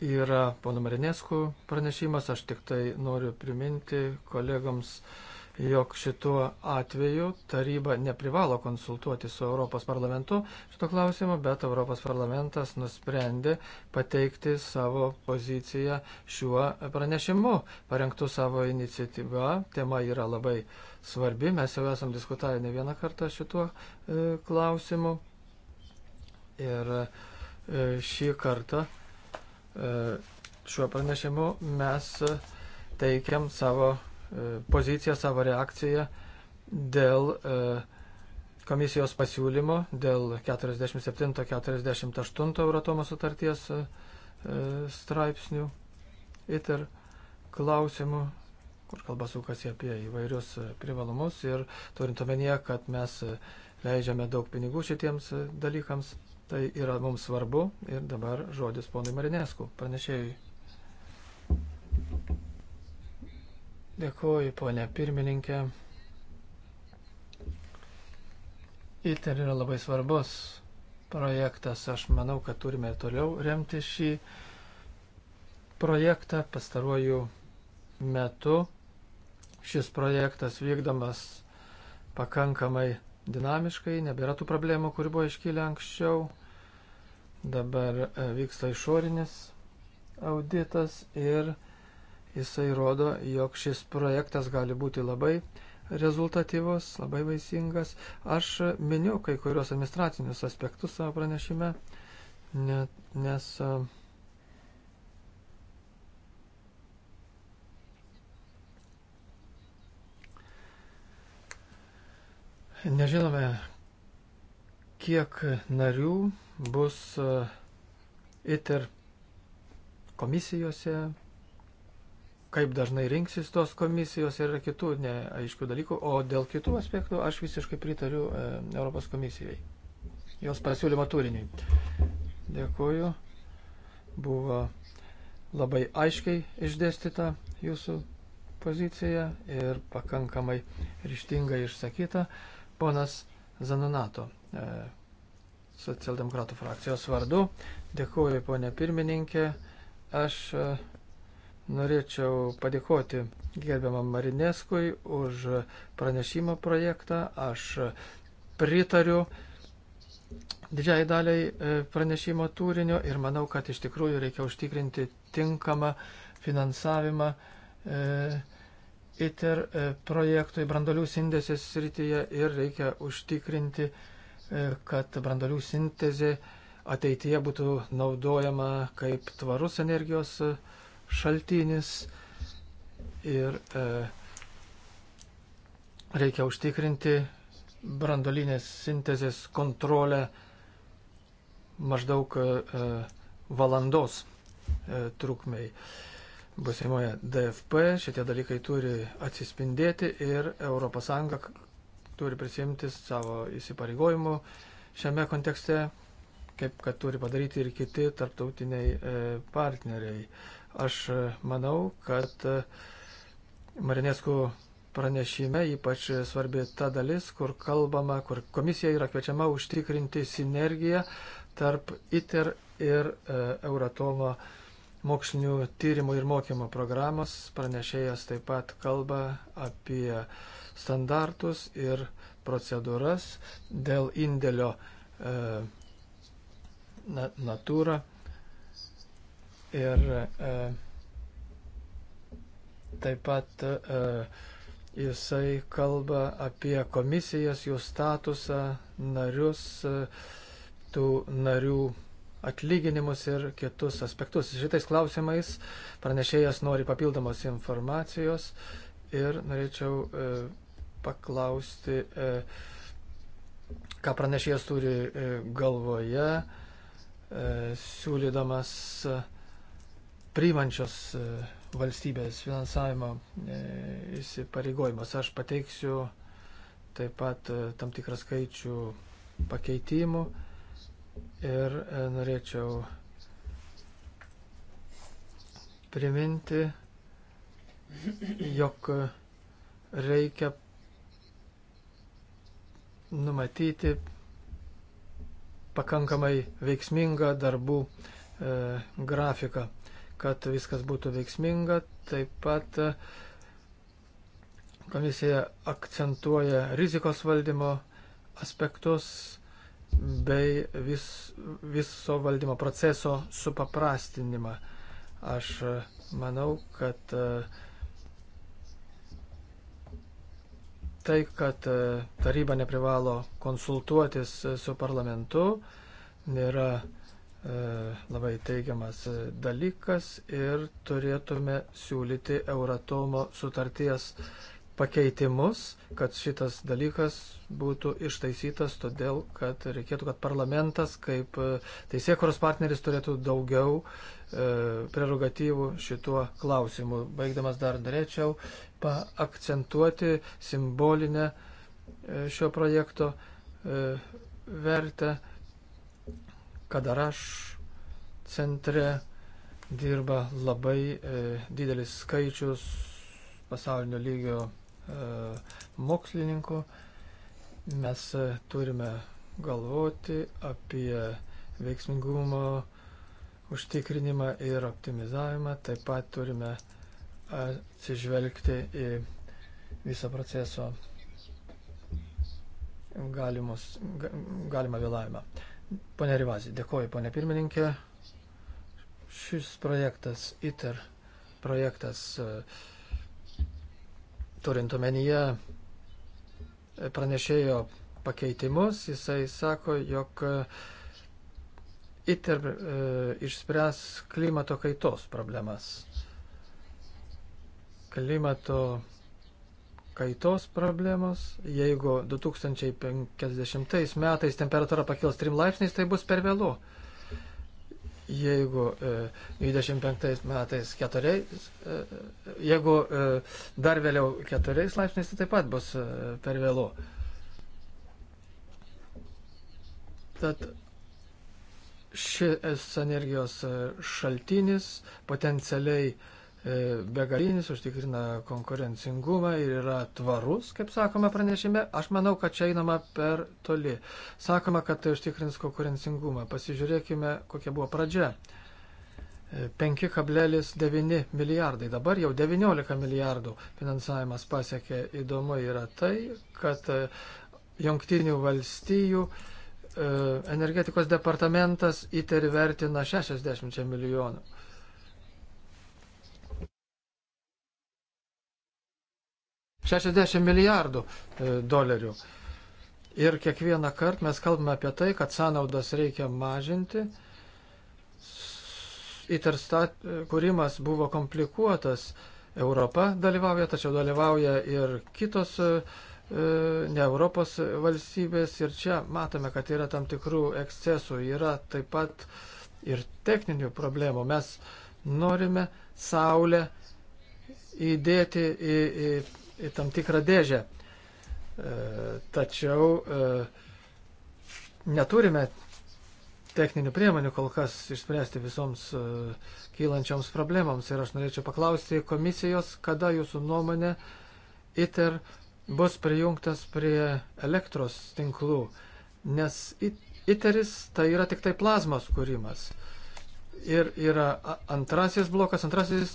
yra pono Marineskų pranešimas. Aš tik tai noriu priminti kolegams, jog šituo atveju taryba neprivalo konsultuoti su Europos parlamentu šito klausimu, bet Europos parlamentas nusprendė pateikti savo poziciją šiuo pranešimu, parengtų savo iniciatyvą. Tema yra labai svarbi, mes jau esam diskutavę ne vieną kartą šituo e, klausimu. Ir e, šį kartą E, šiuo pranešimu mes teikiam savo e, poziciją, savo reakciją dėl e, komisijos pasiūlymo, dėl 47-48 Euratomo sutarties straipsnių ITER klausimų, kur kalba sukasi apie įvairius privalumus ir turint omenyje, kad mes leidžiame daug pinigų šitiems dalykams, Tai yra mums svarbu ir dabar žodis ponui Marinesku, pranešėjui. Dėkuoju, ponė pirmininkė. ITER yra labai svarbus projektas. Aš manau, kad turime ir toliau remti šį projektą. Pastaruoju metu šis projektas vykdomas pakankamai dinamiškai, nebėra tų problemų, kuri buvo iškilę anksčiau. Dabar e, vyksta išorinis auditas ir jisai rodo, jog šis projektas gali būti labai rezultatyvus, labai vaisingas. Aš miniu kai kurios administracinius aspektus savo pranešime, nes. E, nežinome, kiek narių bus e, ITER komisijose, kaip dažnai rinksis tos komisijos ir kitų neaiškių dalykų, o dėl kitų aspektų aš visiškai pritariu e, Europos komisijai, jos pasiūlymo turiniui. Dėkuoju, buvo labai aiškiai išdėstyta jūsų pozicija ir pakankamai ryštingai išsakyta. Ponas Zanonato e, socialdemokratų frakcijos vardu. Dėkuoju, ponė pirmininkė. Aš e, norėčiau padėkoti gerbiamam Marineskui už pranešimo projektą. Aš pritariu didžiai daliai e, pranešimo turinio ir manau, kad iš tikrųjų reikia užtikrinti tinkamą finansavimą. E, ITER e, projektui brandolių sintezės srityje ir reikia užtikrinti, e, kad brandolių sintezė ateityje būtų naudojama kaip tvarus energijos e, šaltinis ir reikia užtikrinti brandolinės sintezės kontrolę maždaug valandos trukmei busimoje DFP. Šitie dalykai turi atsispindėti ir ES turi prisimti savo įsipareigojimų šiame kontekste, kaip kad turi padaryti ir kiti tarptautiniai e, partneriai. Aš e, manau, kad e, Marinesku pranešime ypač svarbi ta dalis, kur kalbama, kur komisija yra kviečiama užtikrinti sinergiją tarp ITER ir e, Euratomo e, mokslinių tyrimų ir mokymo programos. Pranešėjas taip pat kalba apie standartus ir procedūras dėl indėlio e, natūrą ir e, taip pat e, jisai kalba apie komisijas, jų statusą, narius, e, tų narių atlyginimus ir kitus aspektus. Šitais klausimais pranešėjas nori papildomos informacijos ir norėčiau e, paklausti, e, ką pranešėjas turi e, galvoje, e, siūlydamas e, priimančios e, valstybės finansavimo e, įsipareigojimus. Aš pateiksiu taip pat e, tam tikrą skaičių pakeitimų. E, ir e, norėčiau priminti, jog reikia numatyti pakankamai veiksmingą darbų e, grafiką, kad viskas būtų veiksminga. Taip pat e, komisija akcentuoja rizikos valdymo aspektus bei vis, viso valdymo proceso supaprastinimą. Aš e, manau, kad e, tai, kad e, taryba neprivalo konsultuotis su parlamentu, nėra labai teigiamas dalykas ir turėtume siūlyti Euratomo sutarties pakeitimus, kad šitas dalykas būtų ištaisytas, todėl kad reikėtų, kad parlamentas kaip e, teisėkuros partneris turėtų daugiau e, prerogatyvų šituo klausimu. Baigdamas dar norėčiau paakcentuoti simbolinę e, šio projekto e, vertę, kad ar aš centre dirba labai e, didelis skaičius pasaulinio lygio E, mokslininkų. Mes e, turime galvoti apie veiksmingumo užtikrinimą ir optimizavimą. Taip pat turime atsižvelgti į visą proceso galimus, galimą vėlavimą. Pone Rivazį, dėkoju, pone pirmininkė. Šis projektas, ITER projektas, uh, turint omenyje pranešėjo pakeitimus, jisai sako, jog e, ITER e, išspręs klimato kaitos problemas. Klimato kaitos problemos, jeigu 2050 metais temperatūra pakils 3 laipsniais, tai bus per vėlu jeigu 25 e, metais keturiais, e, jeigu e, dar vėliau keturiais laipsniais, tai taip pat bus per vėlu. Tad šis energijos šaltinis potencialiai uh, E, begalinis, užtikrina konkurencingumą ir yra tvarus, kaip sakoma pranešime. Aš manau, kad čia einama per toli. Sakoma, kad tai užtikrins konkurencingumą. Pasižiūrėkime, kokia buvo pradžia. 5,9 e, milijardai, dabar jau 19 milijardų finansavimas pasiekė. Įdomu yra tai, kad e, jungtinių valstijų energetikos departamentas įtervertina 60 milijonų. 60 milijardų e, dolerių. Ir kiekvieną kartą mes kalbame apie tai, kad sąnaudas reikia mažinti. Interstat e, kūrimas buvo komplikuotas. Europa dalyvauja, tačiau dalyvauja ir kitos e, ne Europos valstybės. Ir čia matome, kad yra tam tikrų ekscesų, yra taip pat ir techninių problemų. Mes norime Saulę įdėti į, į į tam tikrą dėžę. E, tačiau e, neturime techninių priemonių kol kas išspręsti visoms e, kylančioms problemams. Ir aš norėčiau paklausti komisijos, kada jūsų nuomonė ITER bus prijungtas prie elektros tinklų, nes ITERis tai yra tik tai plazmos kūrimas. Ir yra antrasis blokas, antrasis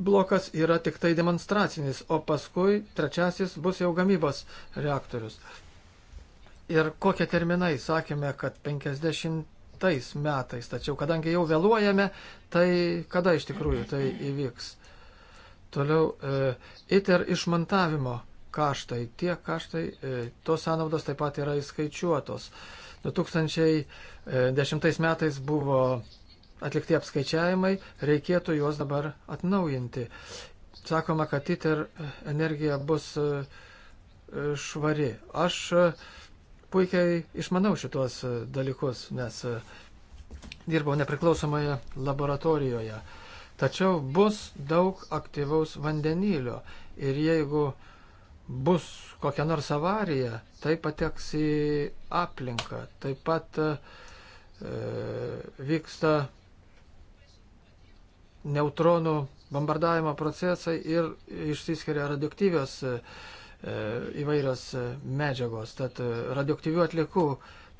blokas yra tik tai demonstracinis, o paskui trečiasis bus jau gamybos reaktorius. Ir kokie terminai, sakėme, kad 50 metais, tačiau kadangi jau vėluojame, tai kada iš tikrųjų tai įvyks? Toliau, e, ITER išmontavimo kaštai, tie kaštai, e, tos sąnaudos taip pat yra įskaičiuotos. 2010 e, metais buvo atlikti apskaičiavimai, reikėtų juos dabar atnaujinti. Sakoma, kad ITER energija bus e, e, švari. Aš e, puikiai išmanau šitos dalykus, nes dirbau nepriklausomoje laboratorijoje. Tačiau bus daug aktyvaus vandenylio ir jeigu bus kokia nors avarija, tai pateks į aplinką. Taip pat e, vyksta neutronų bombardavimo procesai ir išsiskiria radioaktyvios e, e, įvairios e, medžiagos. Tad radioaktyvių atliekų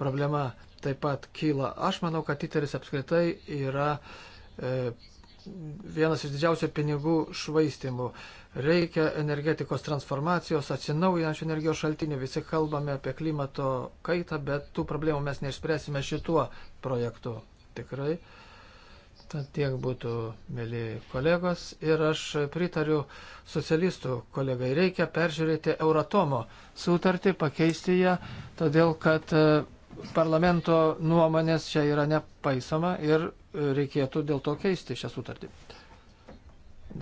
problema taip pat kyla. Aš manau, kad įteris apskritai yra vienas iš didžiausių pinigų švaistimų. Reikia energetikos transformacijos, atsinaujinančių energijos šaltinių. Visi kalbame apie klimato kaitą, bet tų problemų mes neišspręsime šituo projektu. Tikrai. Uh, Tad tiek būtų, mėly kolegos. Ir aš pritariu socialistų kolegai. Reikia peržiūrėti Euratomo sutartį, pakeisti ją, todėl kad e, parlamento nuomonės čia yra nepaisoma ir e, reikėtų dėl to keisti šią sutartį.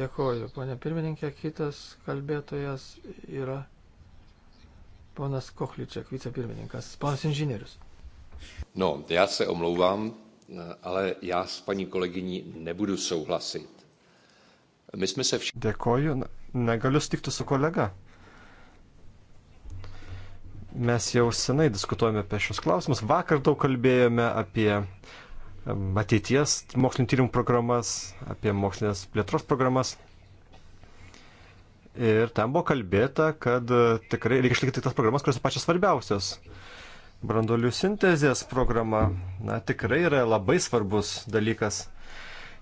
Dėkuoju, ponė pirmininkė. Kitas kalbėtojas yra ponas Kochliček, vicepirmininkas, ponas inžinierius. No, ja se omlouvám, Eh, ale já s paní kolegyní nebudu souhlasit. My jsme se všichni. Dėkoju, negaliu stikti su kolega. Mes jau senai diskutuojame apie šios klausimus. Vakar daug kalbėjome apie ateities mokslinio tyrimų programas, apie mokslinės plėtros programas. Ir ten buvo kalbėta, kad e, tikrai reikia išlikti tas programas, kurios pačios svarbiausios. Brandolių sintezės programa, na, tikrai yra labai svarbus dalykas.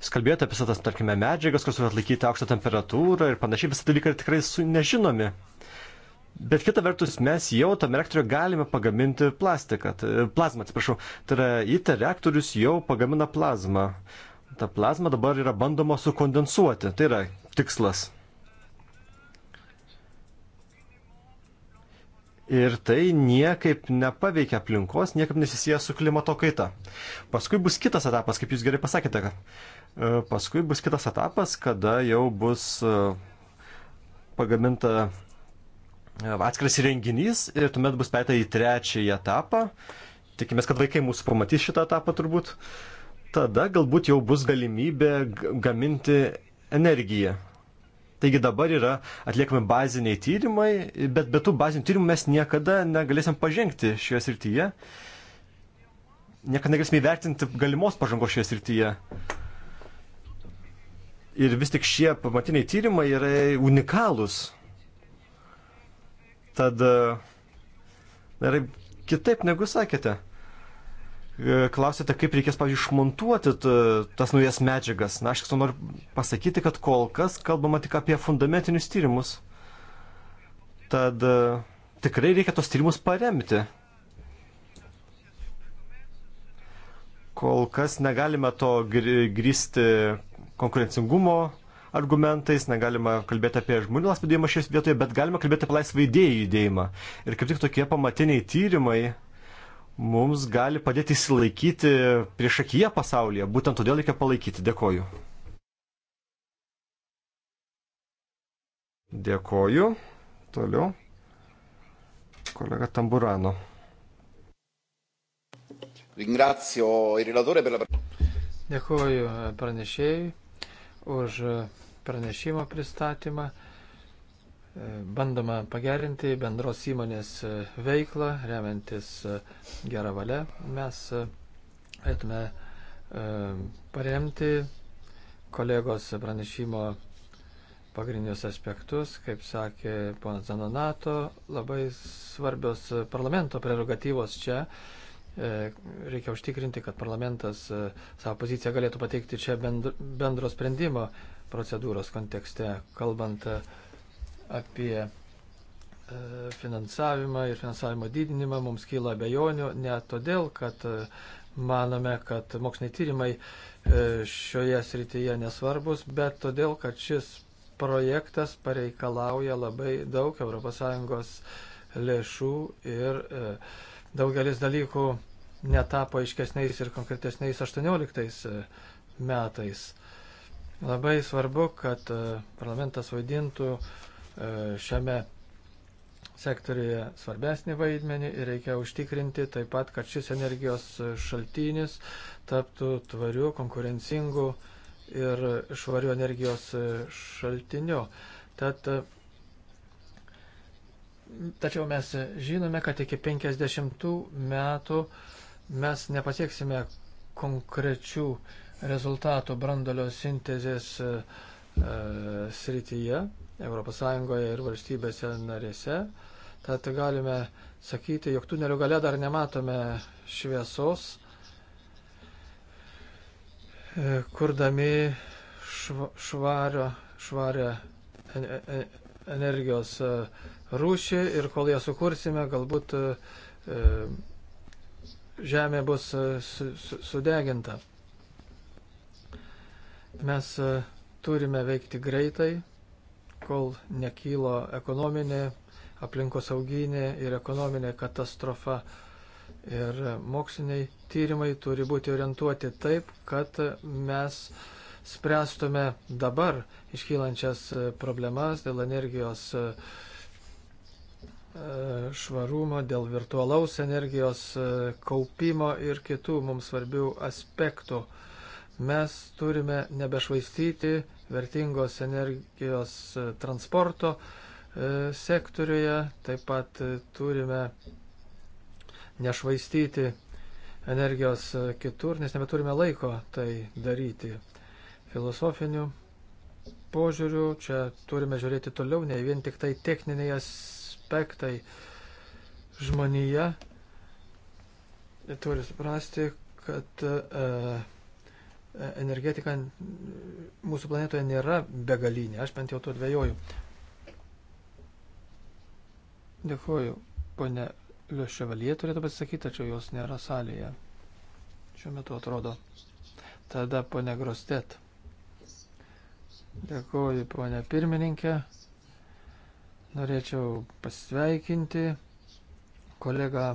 Jūs kalbėjote apie tas, tarkime, medžiagas, kurios turi atlaikyti aukštą temperatūrą ir panašiai, visi dalykai yra tikrai su, nežinomi. Bet kita vertus, mes jau tam reaktoriu galime pagaminti plastiką, plazmą, atsiprašau. Tai yra, IT reaktorius jau pagamina plazmą. Ta plazma dabar yra bandoma sukondensuoti, tai yra tikslas. ir tai niekaip nepaveikia aplinkos, niekaip nesisieja su klimato kaita. Paskui bus kitas etapas, kaip jūs gerai pasakėte, kad e, paskui bus kitas etapas, kada jau bus e, pagaminta e, atskiras įrenginys ir tuomet bus peita į trečiąjį etapą. Tikimės, kad vaikai mūsų pamatys šitą etapą turbūt. Tada galbūt jau bus galimybė gaminti energiją Taigi dabar yra atliekami baziniai tyrimai, bet be tų bazinių tyrimų mes niekada negalėsim pažengti šioje srityje. Niekada negalėsim įvertinti galimos pažangos šioje srityje. Ir vis tik šie pamatiniai tyrimai yra unikalūs. Tad yra e, kitaip negu sakėte. E, klausėte, kaip reikės, pavyzdžiui, išmontuoti tas naujas medžiagas. Na, aš tik noriu pasakyti, kad kol kas kalbama tik apie fundamentinius tyrimus. Tad e, tikrai reikia tos tyrimus paremti. Kol kas negalime to grįsti konkurencingumo argumentais, negalima kalbėti apie žmonių laisvą judėjimą šioje vietoje, bet galima kalbėti apie laisvą idėjų judėjimą. Ir kaip tik tokie pamatiniai tyrimai mums gali padėti įsilaikyti prieš akiją pasaulyje. Būtent todėl reikia palaikyti. Dėkoju. Dėkoju. Toliau. Kolega Tamburano. Dėkoju pranešėjui už pranešimo pristatymą bandoma pagerinti bendros įmonės e, veiklą, remiantis e, gerą valią. Mes galėtume e, paremti kolegos pranešimo pagrindinius aspektus, kaip sakė ponas Zanonato, labai svarbios parlamento prerogatyvos čia. Reikia užtikrinti, kad parlamentas savo poziciją galėtų pateikti čia bendro sprendimo procedūros kontekste, kalbant apie apie e, finansavimą ir finansavimo didinimą mums kyla abejonių, ne todėl, kad e, manome, kad moksliniai tyrimai e, šioje srityje nesvarbus, bet todėl, kad šis projektas pareikalauja labai daug ES lėšų ir daugelis dalykų netapo aiškesniais ir konkretesniais 18 metais. Labai svarbu, kad parlamentas vaidintų uh, E, šiame sektoriuje svarbesnį vaidmenį ir reikia užtikrinti taip pat, kad šis energijos šaltinis taptų tvariu, konkurencingu ir švariu energijos šaltiniu. Tad, tačiau mes žinome, kad iki 50 metų mes nepasieksime konkrečių rezultatų brandolio sintezės e, srityje, ES ir valstybėse narėse. Tad galime sakyti, jog tunelio gale dar nematome šviesos, e, kurdami švario, švarę e, e, energijos rūšį ir kol ją sukursime, galbūt žemė bus sudeginta. Mes turime veikti greitai, kol nekylo ekonominė, aplinkosauginė ir ekonominė katastrofa. Ir moksliniai tyrimai turi būti orientuoti taip, kad mes spręstume dabar iškylančias problemas dėl energijos e, švarumo, dėl virtualaus energijos e, kaupimo ir kitų mums svarbių aspektų. Mes turime nebešvaistyti vertingos energijos e, transporto e, sektoriuje, taip pat e, turime nešvaistyti energijos kitur, nes nebeturime laiko tai daryti. Filosofiniu požiūriu čia turime žiūrėti toliau, ne vien tik tai techniniai aspektai žmonija turi suprasti, kad e, energetika mūsų planetoje nėra begalinė. Aš bent jau to dvėjoju. Dėkuoju, ponė Liuševalie turėtų pasisakyti, tačiau jos nėra salėje. Šiuo metu atrodo. Tada ponė Grostet. Dėkuoju, ponė pirmininkė. Norėčiau pasveikinti kolegą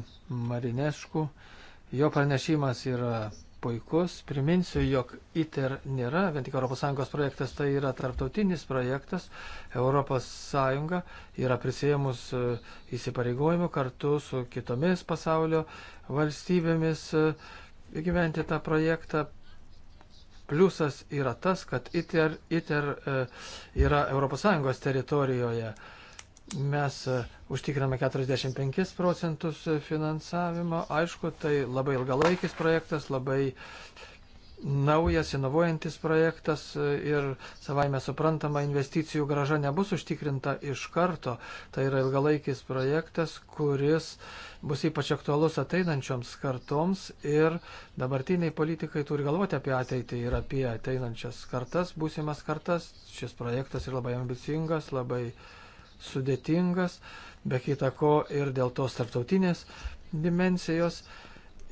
Marinešku. Jo pranešimas yra puikus. Priminsiu, jog ITER nėra vien tik ES projektas, tai yra tarptautinis projektas. ES yra prisėmus e, įsipareigojimų kartu su kitomis pasaulio valstybėmis e, gyventi tą projektą. Pliusas yra tas, kad ITER, ITER e, yra ES teritorijoje mes e, užtikriname 45 procentus finansavimo. Aišku, tai labai ilgalaikis projektas, labai naujas, inovuojantis projektas e, ir savaime suprantama, investicijų graža nebus užtikrinta iš karto. Tai yra ilgalaikis projektas, kuris bus ypač aktualus ateinančioms kartoms ir dabartiniai politikai turi galvoti apie ateitį ir apie ateinančias kartas, būsimas kartas. Šis projektas yra labai ambicingas, labai uh, sudėtingas, be kita ko ir dėl tos tarptautinės dimensijos.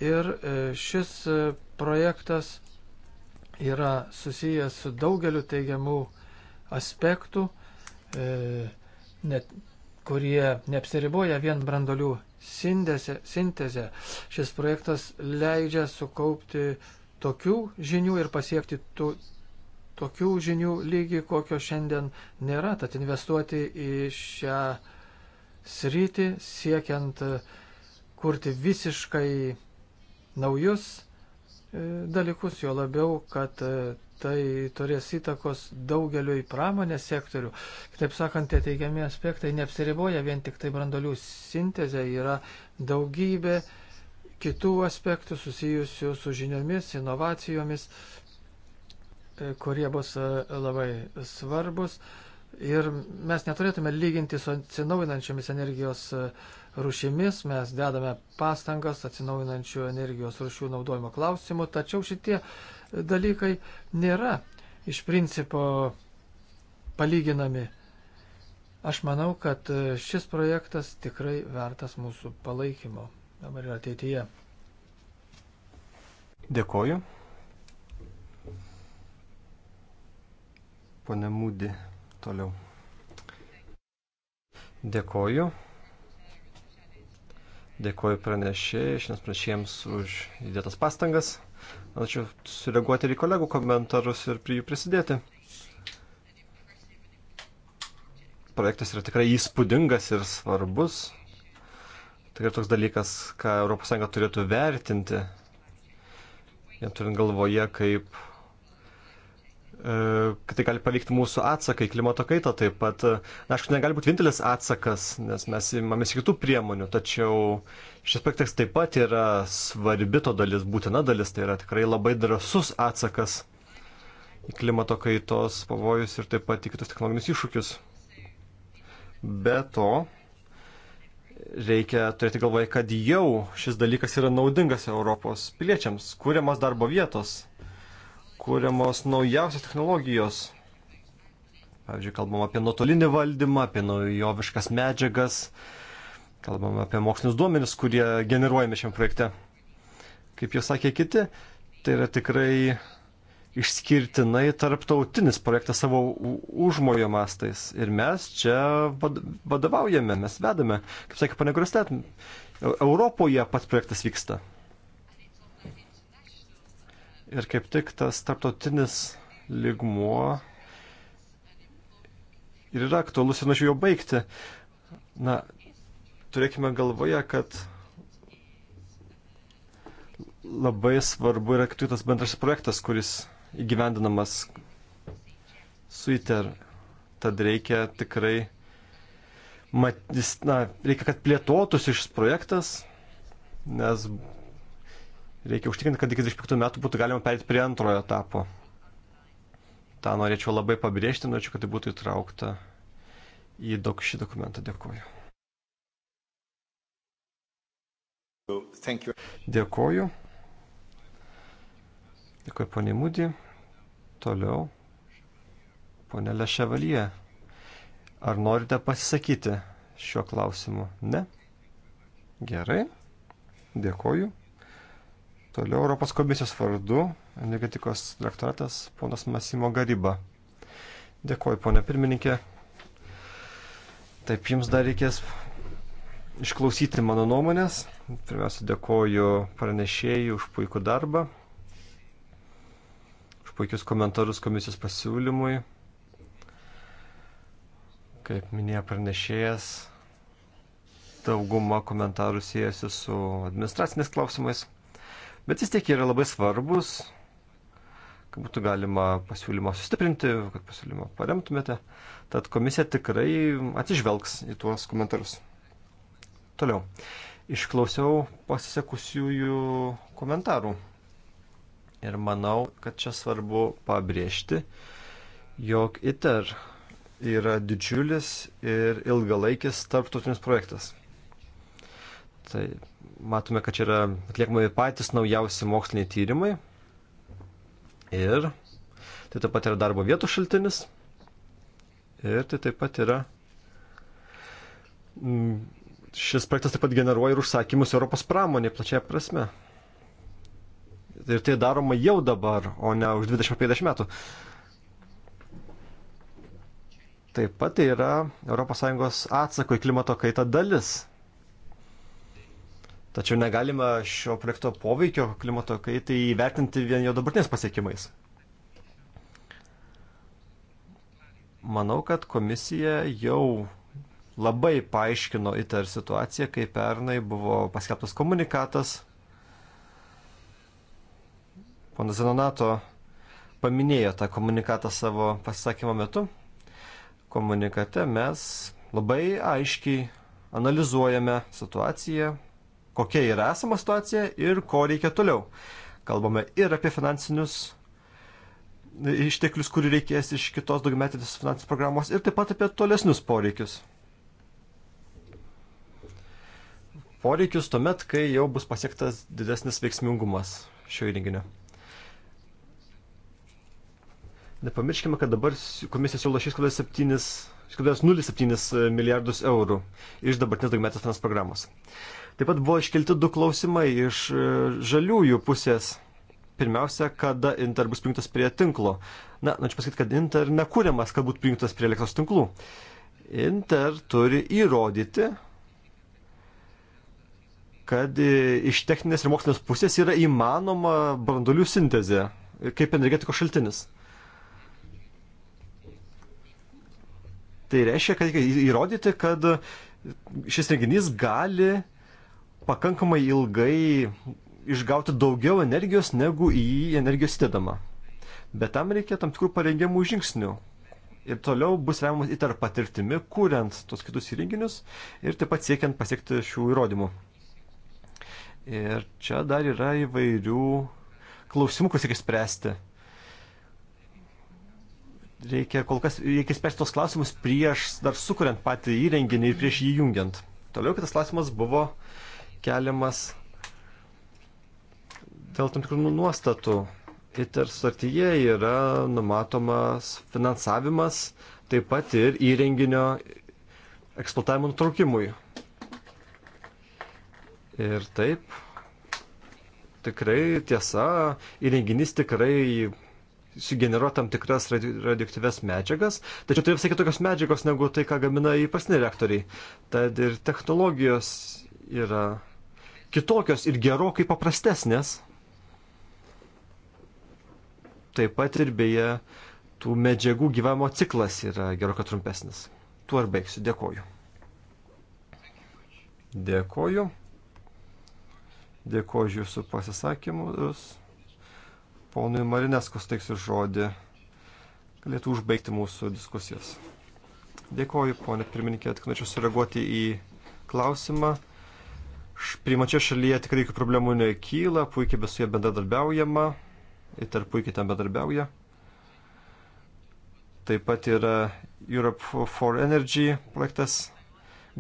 Ir e, šis e, projektas yra susijęs su daugeliu teigiamų aspektų, e, net, kurie neapsiriboja vien brandolių sintezė. Šis projektas leidžia sukaupti tokių žinių ir pasiekti tų, tokių žinių lygį, kokio šiandien nėra. Tad investuoti į šią sritį, siekiant e, kurti visiškai naujus e, dalykus, jo labiau, kad e, tai turės įtakos daugeliu į pramonės sektorių. Kitaip sakant, tie teigiami aspektai neapsiriboja vien tik tai brandolių sintezė, yra daugybė kitų aspektų susijusių su žiniomis, inovacijomis. E, kurie bus e, labai svarbus. Ir mes neturėtume lyginti su atsinaujinančiomis energijos e, rušimis, mes dedame pastangas atsinaujinančių energijos rušių naudojimo klausimų, tačiau šitie dalykai nėra iš principo palyginami. Aš manau, kad e, šis projektas tikrai vertas mūsų palaikymo dabar ir ateityje. Dėkoju. Pone Mūdi, toliau. Dėkoju. Dėkoju pranešėjai, šiandien pranešėjams už įdėtas pastangas. Ačiū sureaguoti ir į kolegų komentarus ir prie jų prisidėti. Projektas yra tikrai įspūdingas ir svarbus. Tikrai toks dalykas, ką ES turėtų vertinti, jam turint galvoje, kaip E, kad tai gali paveikti mūsų atsaką į klimato kaitą taip pat. E, na, aišku, negali būti vienintelis atsakas, nes mes imamės kitų priemonių, tačiau šis aspektas taip pat yra svarbi to dalis, būtina dalis, tai yra tikrai labai drasus atsakas į klimato kaitos pavojus ir taip pat į kitus technologinius iššūkius. Be to, reikia turėti galvoje, kad jau šis dalykas yra naudingas Europos piliečiams, kūriamos darbo vietos kūriamos naujausios technologijos. Pavyzdžiui, kalbam apie nuotolinį valdymą, apie naujoviškas medžiagas, kalbam apie mokslinius duomenis, kurie generuojami šiam projekte. Kaip jau sakė kiti, tai yra tikrai išskirtinai tarptautinis projektas savo užmojo mastais. Ir mes čia vadovaujame, mes vedame. Kaip sakė pane Grostet, Europoje pats projektas vyksta. Ir kaip tik tas tarptautinis ligmuo ir yra aktualus ir norėčiau jo baigti. Na, turėkime galvoje, kad labai svarbu yra kaip tik tas bendras projektas, kuris įgyvendinamas su ITER. Tad reikia tikrai, matys, na, reikia, kad plėtotųsi šis projektas, nes Reikia užtikrinti, kad iki 25 metų būtų galima perėti prie antrojo etapo. Ta norėčiau labai pabrėžti, norėčiau, kad tai būtų įtraukta į dok šį dokumentą. Dėkuoju. Dėkuoju. Dėkuoju poniai Mūdį. Toliau. Pone Leševalyje. Ar norite pasisakyti šiuo klausimu? Ne? Gerai. Dėkuoju. Toliau Europos komisijos vardu energetikos direktoratas ponas Masimo Garyba. Dėkuoju, ponė pirmininkė. Taip, jums dar reikės išklausyti mano nuomonės. Pirmiausia, dėkoju pranešėjai už puikų darbą, už puikius komentarus komisijos pasiūlymui. Kaip minėjo pranešėjas, dauguma komentarų siejasi su administracinės klausimais bet vis tiek yra labai svarbus, kad būtų galima pasiūlymą sustiprinti, kad pasiūlymą paremtumėte. Tad komisija tikrai atsižvelgs į tuos komentarus. Toliau. Išklausiau pasisekusiųjų komentarų. Ir manau, kad čia svarbu pabrėžti, jog ITER yra didžiulis ir ilgalaikis tarptautinis projektas. Tai matome, kad čia yra atliekami patys naujausi moksliniai tyrimai. Ir tai taip pat yra darbo vietų šaltinis. Ir tai taip pat yra. Mm, šis projektas taip pat generuoja ir užsakymus Europos pramonė plačiaja prasme. Ir tai daroma jau dabar, o ne už 20-50 metų. Taip pat tai yra ES atsako į klimato kaitą dalis. Tačiau negalima šio projekto poveikio klimato kaitai įvertinti vien jo dabartinės pasiekimais. Manau, kad komisija jau labai paaiškino ITER situaciją, kai pernai buvo paskelbtas komunikatas. Pana Zenonato paminėjo tą komunikatą savo pasisakymo metu. Komunikate mes labai aiškiai analizuojame situaciją, kokia yra esama situacija ir ko reikia toliau. Kalbame ir apie finansinius išteklius, kurių reikės iš kitos daugiametės finansinės programos ir taip pat apie tolesnius poreikius. Poreikius tuomet, kai jau bus pasiektas didesnis veiksmingumas šio įrenginio. Nepamirškime, kad dabar komisija siūlo 6,07 milijardus eurų iš dabartinės daugiametės finansų programos. Taip pat buvo iškelti du klausimai iš e, žaliųjų pusės. Pirmiausia, kada Inter bus prijungtas prie tinklo. Na, norėčiau pasakyti, kad Inter nekūriamas, kad būtų prijungtas prie elektros tinklų. Inter turi įrodyti, kad e, iš techninės ir mokslinės pusės yra įmanoma brandolių sintezė kaip energetikos šaltinis. Tai reiškia, kad reikia įrodyti, kad šis renginys gali pakankamai ilgai išgauti daugiau energijos, negu į jį energijos įdedama. Bet tam reikia tam tikrų parengiamų žingsnių. Ir toliau bus remiamas įtar patirtimi, kuriant tos kitus įrenginius ir taip pat siekiant pasiekti šių įrodymų. Ir čia dar yra įvairių klausimų, kuriuos reikia spręsti. Reikia kol kas, reikia spręsti tos klausimus prieš dar sukuriant patį įrenginį ir prieš jį jungiant. Toliau kitas klausimas buvo uh, keliamas dėl tam tikrų nu- nuostatų. ITER sutartyje yra numatomas finansavimas taip pat ir įrenginio eksploatavimo nutraukimui. Ir taip, tikrai tiesa, įrenginys tikrai sugeneruoja tam tikras radioaktyves medžiagas, tačiau tai visai kitokios medžiagos negu tai, ką gamina įprastiniai reaktoriai. Tad ir technologijos yra kitokios ir gerokai paprastesnės. Taip pat ir beje, tų medžiagų gyvavimo ciklas yra gerokai trumpesnis. Tuo ir baigsiu. Dėkoju. Dėkoju. Dėkoju už jūsų pasisakymus. Ponui Marineskos teiksiu žodį. Galėtų užbaigti mūsų diskusijas. Dėkoju, ponė pirmininkė, tik norėčiau sureaguoti į klausimą Primačia šalyje tikrai jokių problemų nekyla, puikiai su jie bendradarbiaujama, ir puikiai ten bendradarbiauja. Taip pat yra Europe for Energy projektas,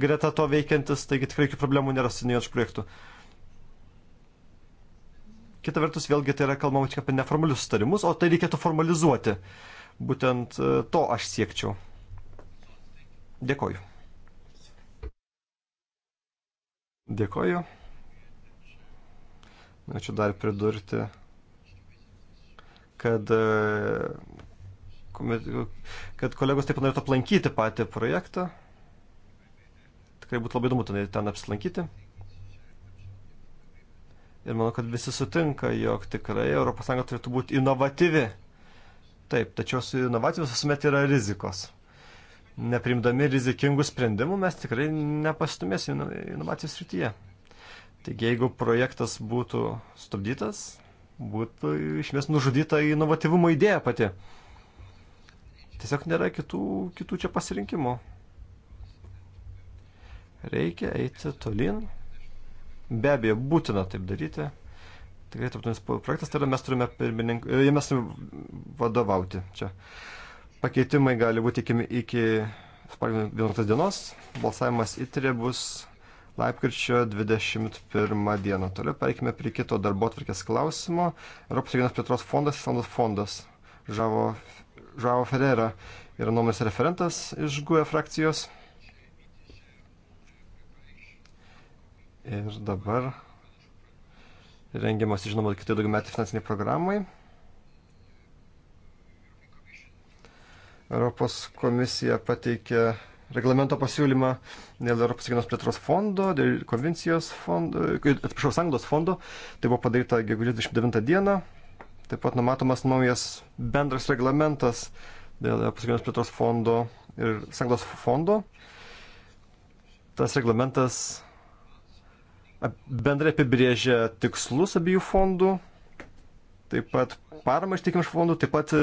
greta to veikiantis, taigi tikrai jokių problemų nėra su nijočių projektu. Kita vertus, vėlgi tai yra kalbama tik apie neformalius sutarimus, o tai reikėtų formalizuoti. Būtent e, to aš siekčiau. Dėkoju. Dėkoju. Norėčiau dar pridurti, kad, e, kad kolegos taip norėtų aplankyti patį projektą. Tikrai būtų labai įdomu ten, ten apsilankyti. Ir manau, kad visi sutinka, jog tikrai ES turėtų būti inovatyvi. Taip, tačiau su inovacijomis visuomet yra rizikos neprimdami rizikingų sprendimų mes tikrai nepastumėsim inovacijų srityje. Taigi, jeigu projektas būtų stabdytas, būtų iš vis nužudyta inovatyvumo idėja pati. Tiesiog nėra kitų, kitų čia pasirinkimų. Reikia eiti tolin. Be abejo, būtina taip daryti. Tikrai tarptautinis projektas, tai yra mes turime, pirminink... mes turime vadovauti čia. Uh, Pakeitimai gali būti iki, iki spalio 11 dienos. Balsavimas įtrė bus lapkričio 21 dieną. Toliau pareikime prie kito darbo atvarkės klausimo. Europos regionės plėtros fondas, Islandos fondas. Žavo, Žavo Ferreira yra nuomonės referentas iš GUE frakcijos. Ir dabar rengiamas, žinoma, kitai daugiametį finansiniai programai. Europos komisija pateikė reglamento pasiūlymą dėl Europos sienos plėtros fondo, dėl konvencijos fondo, e, atsiprašau, sanglos fondo. Tai buvo padaryta gegužės 29 dieną. Taip pat numatomas naujas bendras reglamentas dėl Europos sienos plėtros fondo ir sanglos fondo. Tas reglamentas bendrai apibrėžia tikslus abiejų fondų, taip pat paramą iš teikiamų fondų, taip pat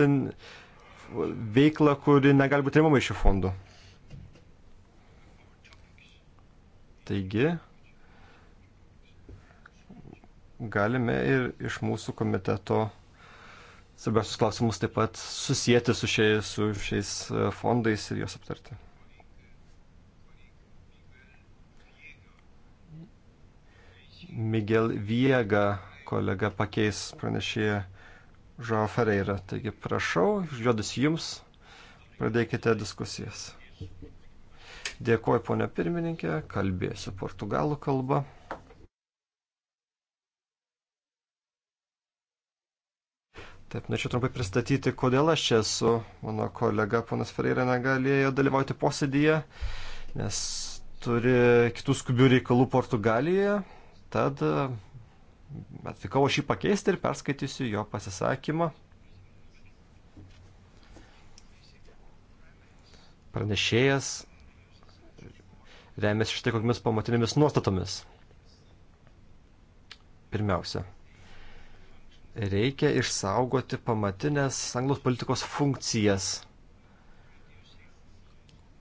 veiklą, kuri negali būti remama iš šių fondų. Taigi, galime ir iš mūsų komiteto svarbiausius klausimus taip pat susijęti su, šia, su šiais e, fondais ir juos aptarti. Miguel Viega kolega pakeis pranešėją Žao Ferreira. Taigi prašau, žodis jums, pradėkite diskusijas. Dėkuoju, ponia pirmininkė, kalbėsiu portugalų kalbą. Taip, norėčiau trumpai pristatyti, kodėl aš čia esu. Mano kolega ponas Ferreira negalėjo dalyvauti posėdyje, nes turi kitų skubių reikalų Portugalijoje. Tad atvykau aš jį pakeisti ir perskaitysiu jo pasisakymą. Pranešėjas remiasi štai kokiamis pamatinėmis nuostatomis. Pirmiausia, reikia išsaugoti pamatinės anglos politikos funkcijas.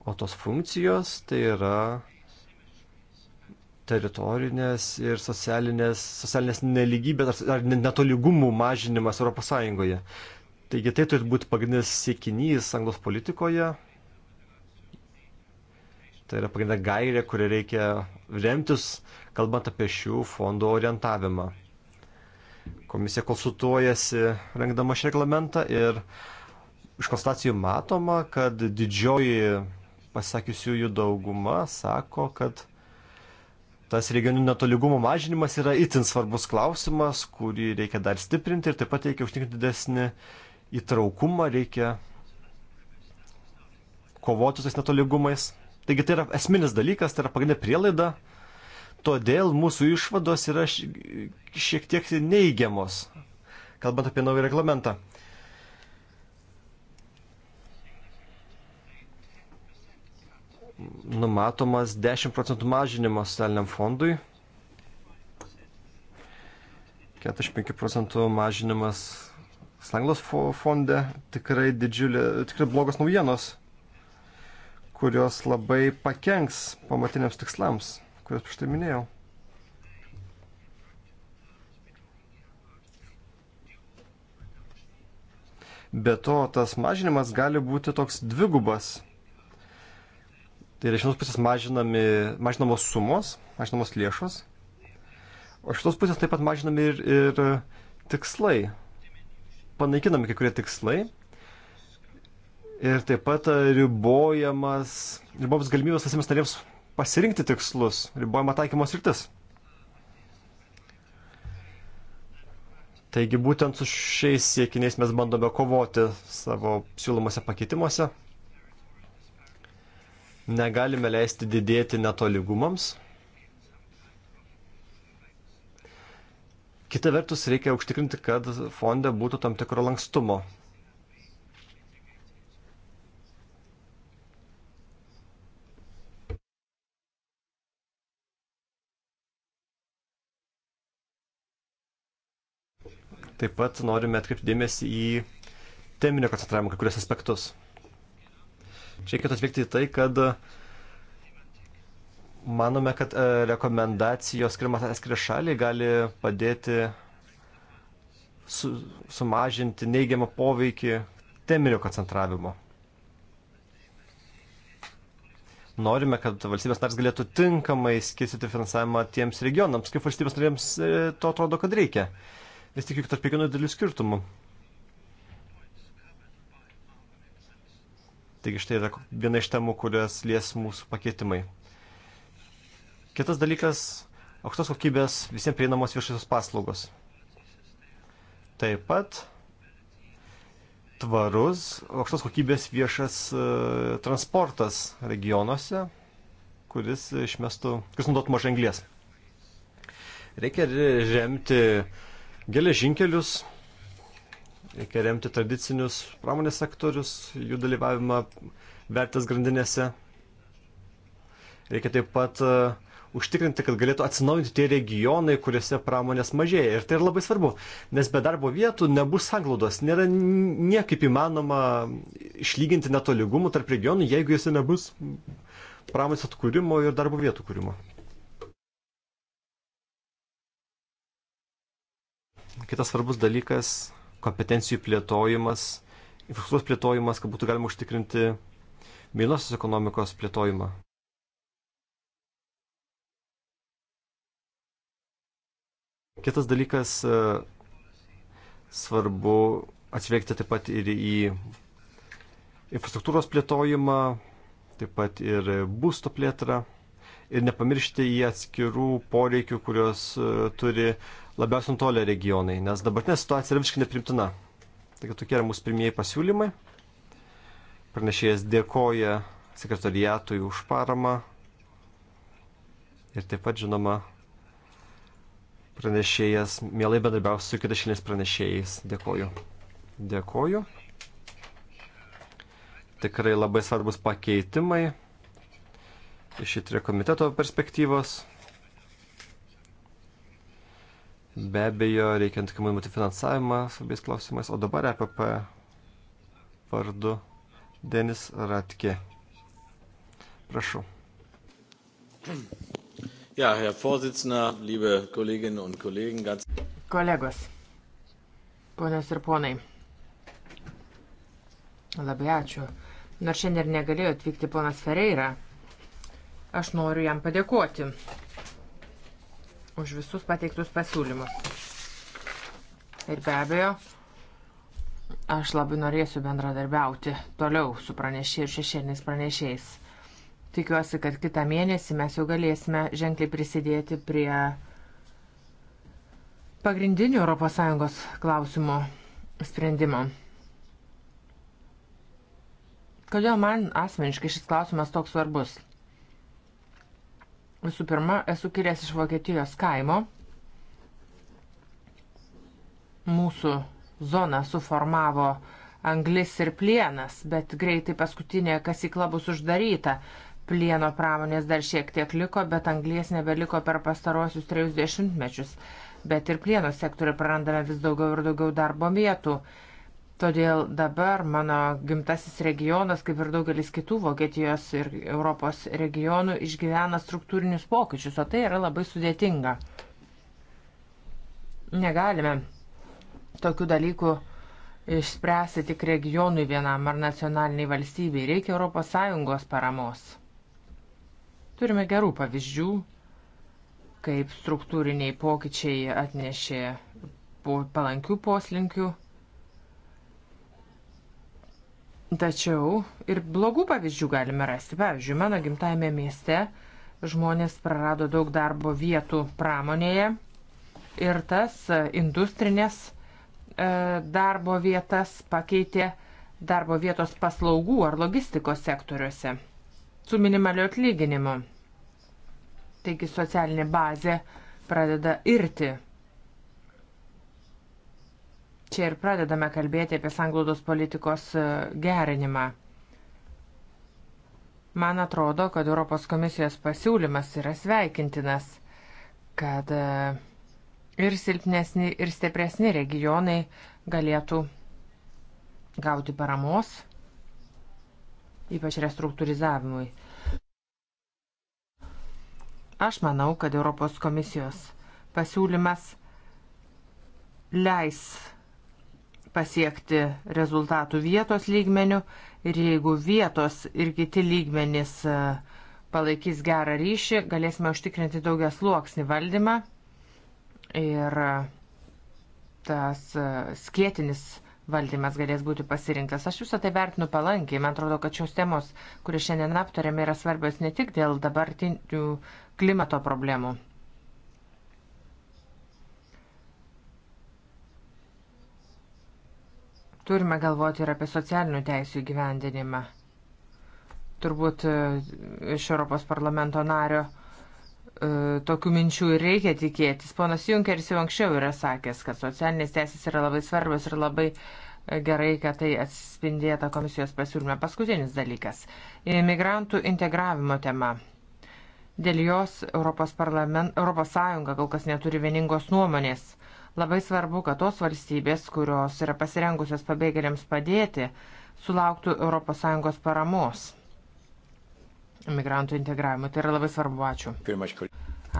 O tos funkcijos tai yra teritorinės ir socialinės, socialinės neligybės ar, ar netolygumų mažinimas ES. Taigi tai turi būti pagrindinis siekinys anglos politikoje. Tai yra pagrindinė gairė, kurią reikia remtis, kalbant apie šių fondų orientavimą. Komisija konsultuojasi rengdama šį reglamentą ir iš konstatacijų matoma, kad didžioji pasakysiųjų dauguma sako, kad tas regioninių netolygumo mažinimas yra itin svarbus klausimas, kurį reikia dar stiprinti ir taip pat reikia užtikrinti didesnį įtraukumą, reikia kovoti su tais netolygumais. Taigi tai yra esminis dalykas, tai yra pagrindinė prielaida, todėl mūsų išvados yra šiek tiek neigiamos, kalbant apie naują reglamentą. numatomas 10 procentų mažinimas socialiniam fondui, 45 procentų mažinimas Slanglos fonde, tikrai didžiulė, tikrai blogos naujienos, kurios labai pakenks pamatiniams tikslams, kuriuos prieš tai minėjau. Be to, tas mažinimas gali būti toks dvigubas Tai yra iš vienos pusės mažinamos sumos, mažinamos lėšos, o iš kitos pusės taip pat mažinami ir, ir tikslai, panaikinami kai kurie tikslai ir taip pat e, ribojamas, ribojamas galimybės visiems narėms pasirinkti tikslus, ribojama taikymos rytis. Taigi būtent su šiais siekiniais mes bandome kovoti savo siūlomose pakeitimuose. Negalime leisti didėti netoligumams. Kita vertus, reikia užtikrinti, kad fonde būtų tam tikro lankstumo. Taip pat norime atkreipti dėmesį į teminio koncentravimo kai kurias aspektus. Čia reikėtų atvykti į tai, kad manome, kad e, rekomendacijos skirimas atskiria šaliai gali padėti su, sumažinti neigiamą poveikį teminio koncentravimo. Norime, kad valstybės nars galėtų tinkamai skirstyti finansavimą tiems regionams, kaip valstybės narėms e, to atrodo, kad reikia. Vis tik juk tarp kiekvienų didelių skirtumų. Taigi štai yra viena iš temų, kurias lies mūsų pakeitimai. Kitas dalykas - aukštos kokybės visiems prieinamos viešosios paslaugos. Taip pat tvarus, aukštos kokybės viešas uh, transportas regionuose, kuris išmestų, kuris naudotų mažai anglės. Reikia remti geležinkelius, Reikia remti tradicinius pramonės sektorius, jų dalyvavimą vertės grandinėse. Reikia taip pat uh, užtikrinti, kad galėtų atsinaujinti tie regionai, kuriuose pramonės mažėja. Ir tai yra labai svarbu, nes be darbo vietų nebus sanglaudos. Nėra niekaip įmanoma išlyginti netolygumų tarp regionų, jeigu jose nebus pramonės atkūrimo ir darbo vietų kūrimo. Kitas svarbus dalykas kompetencijų plėtojimas, infrastruktūros plėtojimas, kad būtų galima užtikrinti mėlynosios ekonomikos plėtojimą. Kitas dalykas, e, svarbu atsveikti taip pat ir į infrastruktūros plėtojimą, taip pat ir būsto plėtrą ir nepamiršti į atskirų poreikių, kurios e, turi labiausiai nutolę regionai, nes dabartinė situacija yra visiškai neprimtina. Taigi tokie yra mūsų pirmieji pasiūlymai. Pranešėjas dėkoja sekretariatui už paramą ir taip pat, žinoma, pranešėjas mielai bendarbiausiu su kitais šiliniais pranešėjais. Dėkoju. Dėkoju. Tikrai labai svarbus pakeitimai iš įtrio komiteto perspektyvos. Be abejo, reikia antikamai būti finansavimą su biais klausimais, o dabar EPP vardu Denis Ratke. Prašau. Ja, Herr Vorsitzender, liebe Kolleginnen und Kollegen, ganz. Kolegos, ponios ir ponai, labai ačiū. Nors šiandien negalėjo atvykti ponas Ferreira, aš noriu jam padėkoti už visus pateiktus pasiūlymus. Ir be abejo, aš labai norėsiu bendradarbiauti toliau su pranešėjais ir šešėliniais pranešėjais. Tikiuosi, kad kitą mėnesį mes jau galėsime ženkliai prisidėti prie pagrindinių ES klausimų sprendimo. Kodėl man asmeniškai šis klausimas toks svarbus? Visų pirma, esu kilęs iš Vokietijos kaimo. Mūsų zoną suformavo anglis ir plienas, bet greitai paskutinė kasykla bus uždaryta. Plieno pramonės dar šiek tiek liko, bet anglies nebeliko per pastarosius trejus dešimtmečius. Bet ir plieno sektoriu prarandame vis daugiau ir daugiau darbo vietų. Todėl dabar mano gimtasis regionas, kaip ir daugelis kitų Vokietijos ir Europos regionų, išgyvena struktūrinius pokyčius, o tai yra labai sudėtinga. Negalime tokių dalykų išspręsti tik regionui vienam ar nacionaliniai valstybei. Reikia ES paramos. Turime gerų pavyzdžių, kaip struktūriniai pokyčiai atnešė palankių poslinkių Tačiau ir blogų pavyzdžių galime rasti. Pavyzdžiui, mano gimtajame mieste žmonės prarado daug darbo vietų pramonėje ir tas e, industrinės e, darbo vietas pakeitė darbo vietos paslaugų ar logistikos sektoriuose su minimaliu atlyginimu. Taigi socialinė bazė pradeda irti čia ir pradedame kalbėti apie sanglaudos politikos e, gerinimą. Man atrodo, kad Europos komisijos pasiūlymas yra sveikintinas, kad e, ir silpnesni, ir stipresni regionai galėtų gauti paramos, ypač restruktūrizavimui. Aš manau, kad Europos komisijos pasiūlymas leis pasiekti rezultatų vietos lygmenių ir jeigu vietos ir kiti lygmenys e, palaikys gerą ryšį, galėsime užtikrinti daugia sluoksnį valdymą ir e, tas e, skėtinis valdymas galės būti pasirinktas. Aš visą tai vertinu palankiai. Man atrodo, kad šios temos, kurias šiandien aptarėme, yra svarbios ne tik dėl dabartinių klimato problemų. Turime galvoti ir apie socialinių teisų įgyvendinimą. Turbūt e, iš Europos parlamento nario e, tokių minčių ir reikia tikėtis. Ponas Junkeris jau anksčiau yra sakęs, kad socialinės teisės yra labai svarbios ir labai e, gerai, kad tai atspindėta komisijos pasiūlyme. Paskutinis dalykas - imigrantų integravimo tema. Dėl jos Europos, parlament, Europos Sąjunga kol kas neturi vieningos nuomonės. Labai svarbu, kad tos valstybės, kurios yra pasirengusios pabėgėliams padėti, sulauktų ES paramos migrantų integravimui. Tai yra labai svarbu. Ačiū.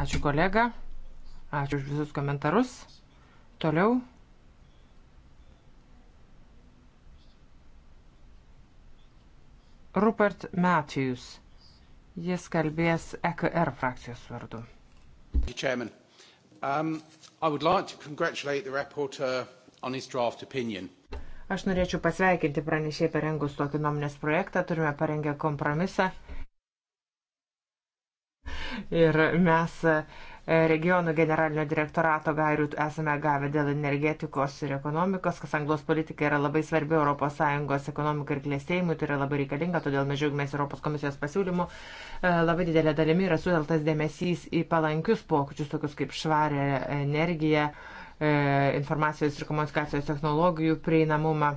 Ačiū kolega. Ačiū už visus komentarus. Toliau. Rupert Matthews. Jis kalbės EKR frakcijos vardu. Chairman. Um, I would like to congratulate the rapporteur on his draft opinion. Aš norėčiau pasveikinti pranešėjai parengus tokį nuomonės projektą, turime parengę kompromisą. Ir mes uh, regionų generalinio direktorato gairių esame gavę dėl energetikos ir ekonomikos, kas anglos politika yra labai svarbi ES ekonomikai ir klėstėjimui, tai yra labai reikalinga, todėl mes žiūrėmės Europos komisijos pasiūlymų. E, labai didelė dalimi yra sudeltas dėmesys į palankius pokyčius, tokius kaip švarę energiją, e, informacijos ir komunikacijos technologijų prieinamumą.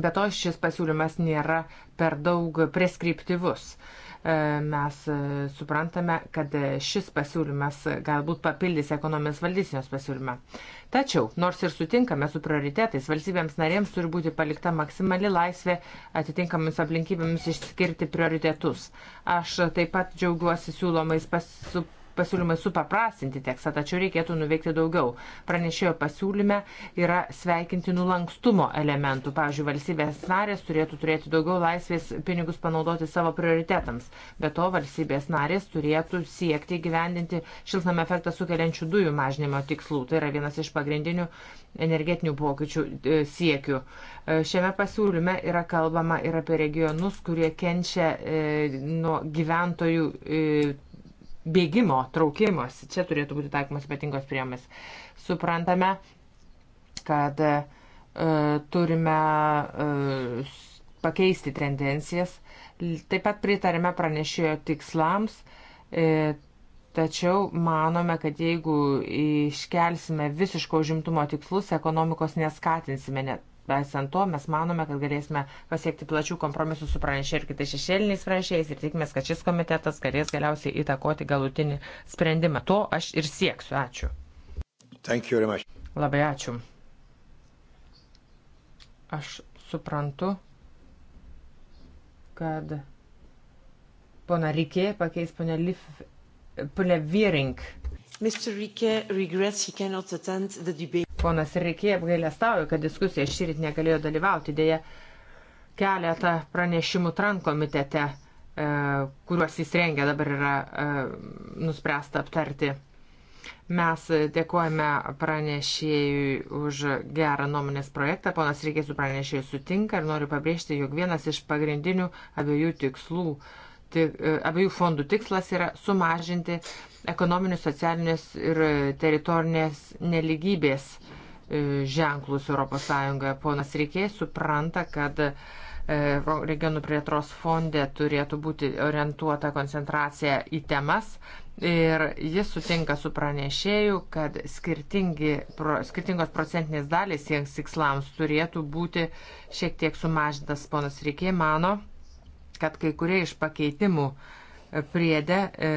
Be to, šis pasiūlymas nėra per daug preskriptyvus. Uh, E, mes e, suprantame, kad šis pasiūlymas galbūt papildys ekonominės valdysinos pasiūlymą. Tačiau, nors ir sutinkame su prioritetais, valstybėms narėms turi būti palikta maksimali laisvė atitinkamomis aplinkybėmis išskirti prioritetus. Aš taip pat džiaugiuosi siūlomais pas, su, pasiūlymai supaprastinti tekstą, tačiau reikėtų nuveikti daugiau. Pranešėjo pasiūlyme yra sveikintinų lankstumo elementų. Pavyzdžiui, valstybės narės turėtų turėti daugiau laisvės pinigus panaudoti savo prioritetams. Be to, valstybės narės turėtų siekti gyvendinti šiltnamio efektą sukeliančių dujų mažinimo tikslų. Tai yra vienas iš pagrindinių energetinių pokyčių e, siekių. E, šiame pasiūlyme yra kalbama ir apie regionus, kurie kenčia e, nuo gyventojų bėgimo, traukimas. Čia turėtų būti taikomas ypatingos priemonės. Suprantame, kad e, turime e, pakeisti tendencijas. Taip pat pritarėme pranešėjo tikslams, e, tačiau manome, kad jeigu iškelsime visiško užimtumo tikslus, ekonomikos neskatinsime, net Paisant to, mes manome, kad galėsime pasiekti plačių kompromisų su pranešė ir kitais šešėliniais pranešėjais ir tikimės, kad šis komitetas galės galiausiai įtakoti galutinį sprendimą. To aš ir sieksiu. Ačiū. Labai ačiū. Aš suprantu, kad pona Rikė pakeis pone Lif, pone Viering. Mr. Rikė regrets he cannot attend the debate. Ponas Reikėja apgailestauja, kad diskusija šįryt negalėjo dalyvauti, dėja keletą pranešimų trankomitete, e, kuriuos jis rengia dabar yra e, nuspręsta aptarti. Mes dėkojame pranešėjui už gerą nuomonės projektą. Ponas Reikėsų pranešėjus sutinka ir noriu pabrėžti, jog vienas iš pagrindinių abiejų tikslų uh, E, abiejų fondų tikslas yra sumažinti ekonominius, socialinius ir teritorinės neligybės e, ženklus ES. Ponas Reikėjai supranta, kad e, regionų plėtros fonde turėtų būti orientuota koncentracija į temas ir jis sutinka su pranešėju, kad pro, skirtingos procentinės dalys jiems tikslams turėtų būti šiek tiek sumažintas. Ponas Reikėjai mano, kad kai kurie iš pakeitimų priedė e,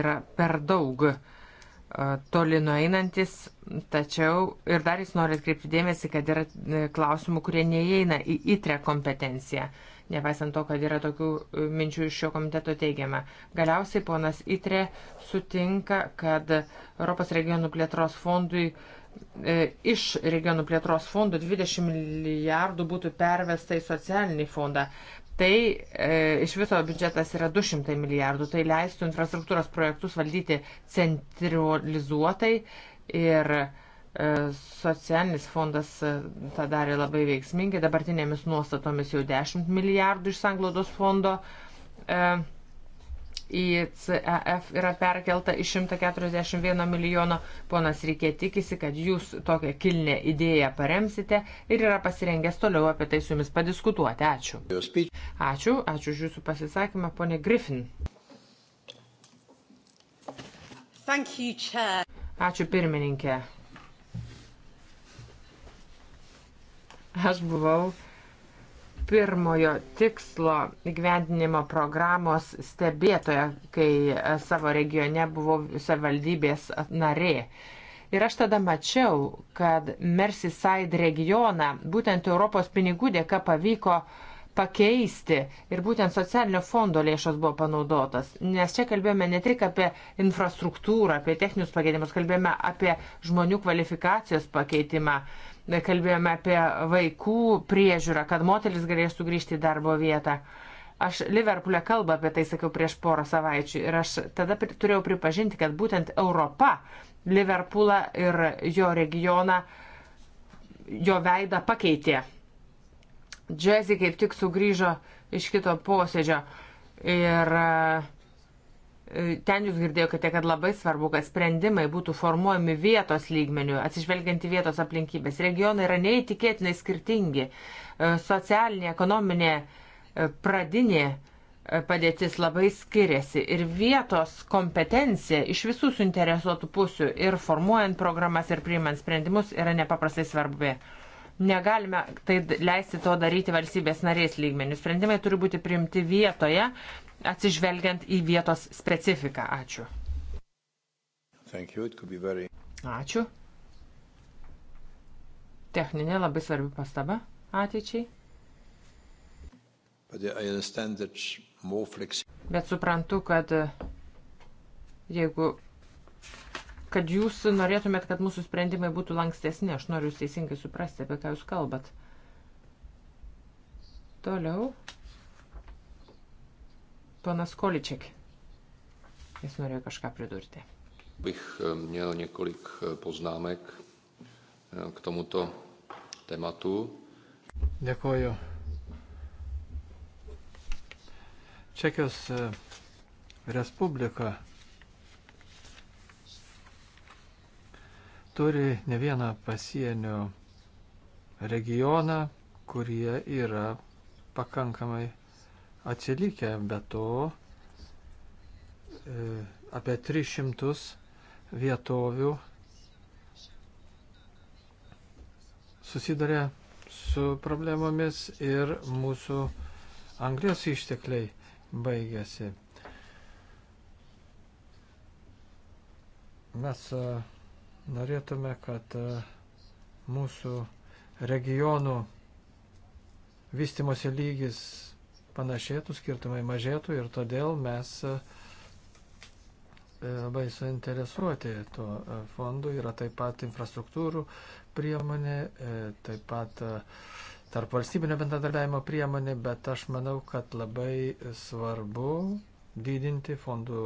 yra per daug e, toli nueinantis, tačiau ir dar jis nori atkreipti dėmesį, kad yra e, klausimų, kurie neįeina į įtrę kompetenciją, nepaisant to, kad yra tokių minčių iš šio komiteto teigiama. Galiausiai ponas įtrė sutinka, kad Europos regionų plėtros fondui iš regionų plėtros fondų 20 milijardų būtų pervesta į socialinį fondą tai e, iš viso biudžetas yra 200 milijardų. Tai leistų infrastruktūros projektus valdyti centralizuotai ir e, socialinis fondas e, tą darė labai veiksmingai. Dabartinėmis nuostatomis jau 10 milijardų iš sanglaudos fondo e, į CEF yra perkelta iš 141 milijono. Ponas Rykė tikisi, kad jūs tokią kilnę idėją paremsite ir yra pasirengęs toliau apie tai su jumis padiskutuoti. Ačiū. Ačiū, ačiū už jūsų pasisakymą, ponė Griffin. Ačiū pirmininkė. Aš buvau pirmojo tikslo įgyvendinimo programos stebėtoja, kai e, savo regione buvau savivaldybės narė. Ir aš tada mačiau, kad Merseyside regioną būtent Europos pinigų dėka pavyko pakeisti ir būtent socialinio fondo lėšos buvo panaudotas. Nes čia kalbėjome ne tik apie infrastruktūrą, apie techninius pakeitimus, kalbėjome apie žmonių kvalifikacijos pakeitimą. Uh, kalbėjome apie vaikų priežiūrą, kad moteris galės sugrįžti į darbo vietą. Aš Liverpoolė kalbą apie tai sakiau prieš porą savaičių ir aš tada turėjau pripažinti, kad būtent Europa Liverpoolą ir jo regioną, jo veidą pakeitė. Džezi kaip tik sugrįžo iš kito posėdžio ir uh, Ten jūs girdėjote, kad labai svarbu, kad sprendimai būtų formuojami vietos lygmenių, atsižvelgiant į vietos aplinkybės. Regionai yra neįtikėtinai skirtingi. E, socialinė, ekonominė, e, pradinė e, padėtis labai skiriasi ir vietos kompetencija iš visų suinteresuotų pusių ir formuojant programas ir priimant sprendimus yra nepaprastai svarbi. Negalime tai leisti to daryti valstybės narės lygmenių. Sprendimai turi būti priimti vietoje atsižvelgiant į vietos specifiką. Ačiū. Very... Ačiū. Techninė labai svarbi pastaba ateičiai. Bet suprantu, kad jeigu kad jūs norėtumėt, kad mūsų sprendimai būtų lankstesni, aš noriu jūs teisingai suprasti, apie ką jūs kalbat. Toliau Panas Količek. Jis norėjo kažką pridurti. Bych eh, měl několik eh, poznámek eh, k tomuto tématu. Dėkuoju. Čekijos Respublika turi ne vieną pasienio regioną, kurie yra pakankamai atsilikę, bet to e, apie 300 vietovių susidarė su problemomis ir mūsų anglės ištekliai baigėsi. Mes e, norėtume, kad e, mūsų regionų vystimosi lygis panašėtų, skirtumai mažėtų ir todėl mes e, labai suinteresuoti tuo e, fondu. Yra taip pat infrastruktūrų priemonė, e, taip pat tarp valstybinio bendradarbiavimo priemonė, bet aš manau, kad labai svarbu didinti fondų